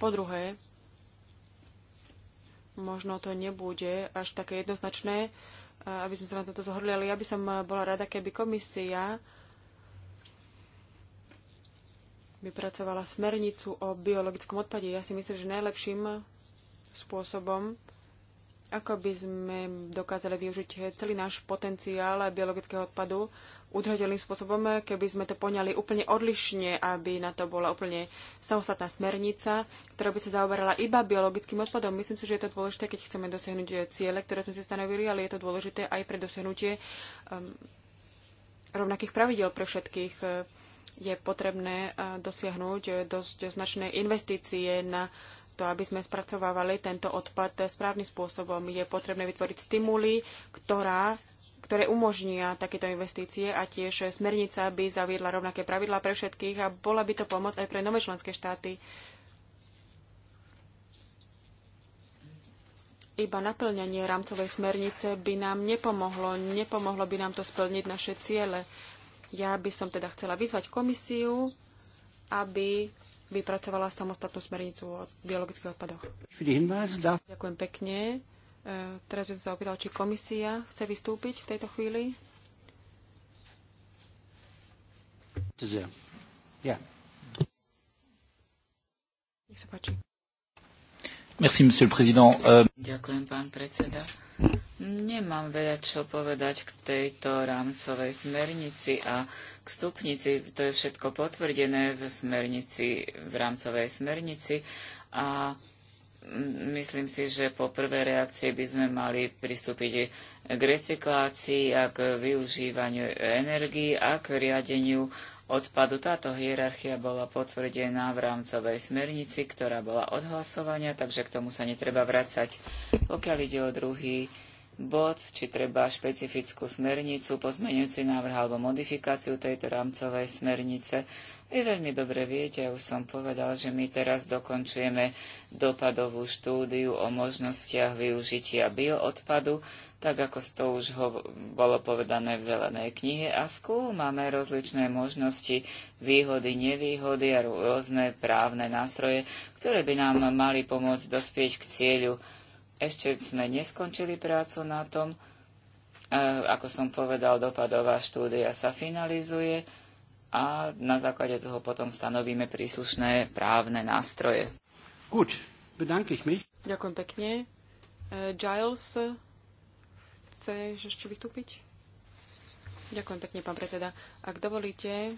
A: Po druhé, možno to nebude až také jednoznačné, aby sme sa na toto zhodli, ale ja by som bola rada, keby komisia vypracovala smernicu o biologickom odpade. Ja si myslím, že najlepším spôsobom, ako by sme dokázali využiť celý náš potenciál biologického odpadu, udržateľným spôsobom, keby sme to poňali úplne odlišne, aby na to bola úplne samostatná smernica, ktorá by sa zaoberala iba biologickým odpadom. Myslím si, že je to dôležité, keď chceme dosiahnuť eh, ciele, ktoré sme si stanovili, ale je to dôležité aj pre dosiahnutie um, rovnakých pravidel pre všetkých. Eh, je potrebné eh, dosiahnuť dosť značné investície na to, aby sme spracovávali tento odpad správnym spôsobom. Je potrebné vytvoriť stimuly, ktorá ktoré umožnia takéto investície a tiež smernica by zaviedla rovnaké pravidlá pre všetkých a bola by to pomoc aj pre nové členské štáty. Iba naplňanie rámcovej smernice by nám nepomohlo, nepomohlo by nám to splniť naše ciele. Ja by som teda chcela vyzvať komisiu, aby vypracovala samostatnú smernicu o biologických odpadoch. Ďakujem pekne E, teraz by som sa opýtal, či komisia chce vystúpiť v tejto chvíli.
C: Nech sa páči. Merci, monsieur le président. Euh, Ďakujem, pán predseda. Nemám veľa čo povedať k tejto rámcovej smernici a k stupnici. To je všetko potvrdené v smernici, v rámcovej smernici a myslím si, že po prvé reakcie by sme mali pristúpiť k recyklácii a k využívaniu energii a k riadeniu odpadu. Táto hierarchia bola potvrdená v rámcovej smernici, ktorá bola odhlasovania, takže k tomu sa netreba vracať. Pokiaľ ide o druhý bod, či treba špecifickú smernicu, pozmeňujúci návrh alebo modifikáciu tejto rámcovej smernice. Vy veľmi dobre viete, ja už som povedal, že my teraz dokončujeme dopadovú štúdiu o možnostiach využitia bioodpadu, tak ako to už ho bolo povedané v zelenej knihe a skúmame rozličné možnosti, výhody, nevýhody a rôzne právne nástroje, ktoré by nám mali pomôcť dospieť k cieľu ešte sme neskončili prácu na tom. E, ako som povedal, dopadová štúdia sa finalizuje a na základe toho potom stanovíme príslušné právne nástroje. Gut, bedanke ich mich.
A: Ďakujem pekne. E, Giles, chceš ešte vystúpiť? Ďakujem pekne, pán predseda. Ak dovolíte,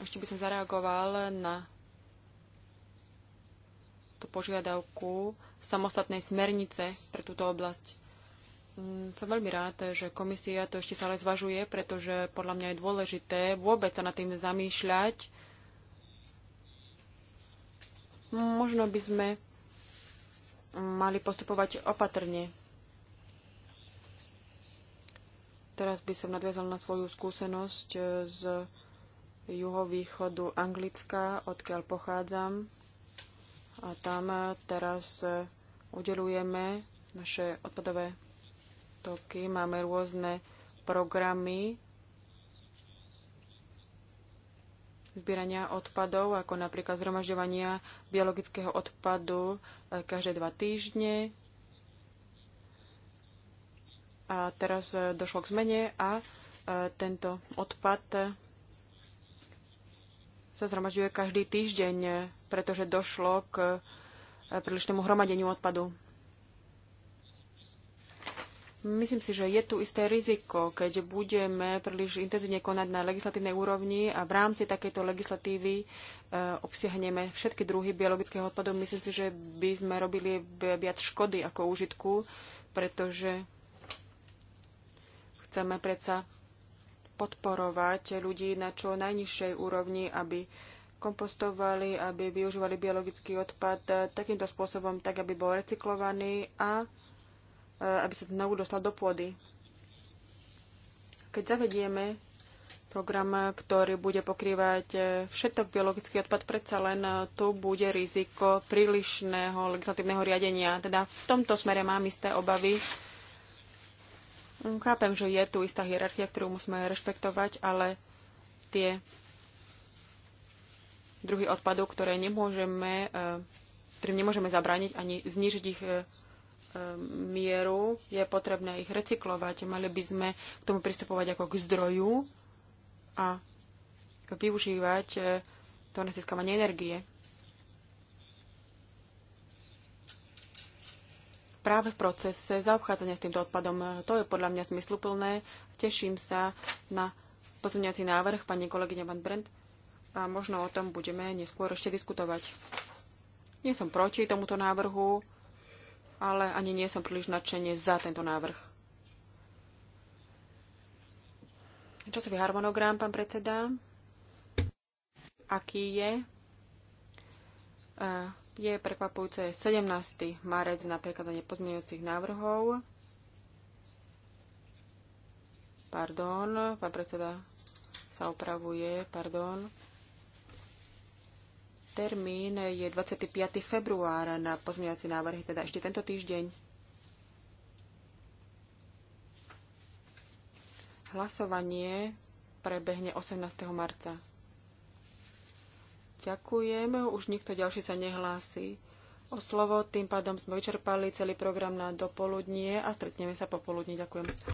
A: ešte by som zareagoval na tú požiadavku samostatnej smernice pre túto oblasť. Mm, som veľmi rád, že komisia to ešte stále zvažuje, pretože podľa mňa je dôležité vôbec sa nad tým zamýšľať. Možno by sme mali postupovať opatrne. Teraz by som nadviazal na svoju skúsenosť z juhovýchodu Anglicka, odkiaľ pochádzam. A tam e, teraz e, udelujeme naše odpadové toky, máme rôzne programy zbierania odpadov, ako napríklad zhromažďovania biologického odpadu e, každé dva týždne. A teraz došlo k zmene a tento odpad sa zhromažďuje každý týždeň, pretože došlo k e, prílišnému hromadeniu odpadu. Myslím si, že je tu isté riziko, keď budeme príliš intenzívne konať na legislatívnej úrovni a v rámci takejto legislatívy e, obsiahneme všetky druhy biologického odpadu. Myslím si, že by sme robili viac škody ako úžitku, pretože chceme predsa podporovať ľudí na čo najnižšej úrovni, aby kompostovali, aby využívali biologický odpad e, takýmto spôsobom, tak aby bol recyklovaný a e, aby sa znovu dostal do pôdy. Keď zavedieme program, ktorý bude pokrývať e, všetok biologický odpad, predsa len tu bude riziko prílišného legislatívneho riadenia. Teda v tomto smere mám isté obavy, Mm, chápem, že je tu istá hierarchia, ktorú musíme rešpektovať, ale tie druhy odpadov, ktoré nemôžeme, eh, ktorým nemôžeme zabrániť ani znižiť ich eh, eh, mieru, je potrebné ich recyklovať. Mali by sme k tomu pristupovať ako k zdroju a využívať to na získavanie energie. práve v procese zaobchádzania s týmto odpadom. To je podľa mňa zmysluplné. Teším sa na pozvňací návrh pani kolegyňa Van Brent a možno o tom budeme neskôr ešte diskutovať. Nie som proti tomuto návrhu, ale ani nie som príliš nadšenie za tento návrh. Časový harmonogram, pán predseda. Aký je? E, je prekvapujúce 17. marec na prekladanie pozmeňujúcich návrhov. Pardon, pán predseda sa opravuje, pardon. Termín je 25. februára na pozmeňovacie návrhy, teda ešte tento týždeň. Hlasovanie prebehne 18. marca. Ďakujem. Už nikto ďalší sa nehlási o slovo. Tým pádom sme vyčerpali celý program na dopoludnie a stretneme sa popoludní. Ďakujem.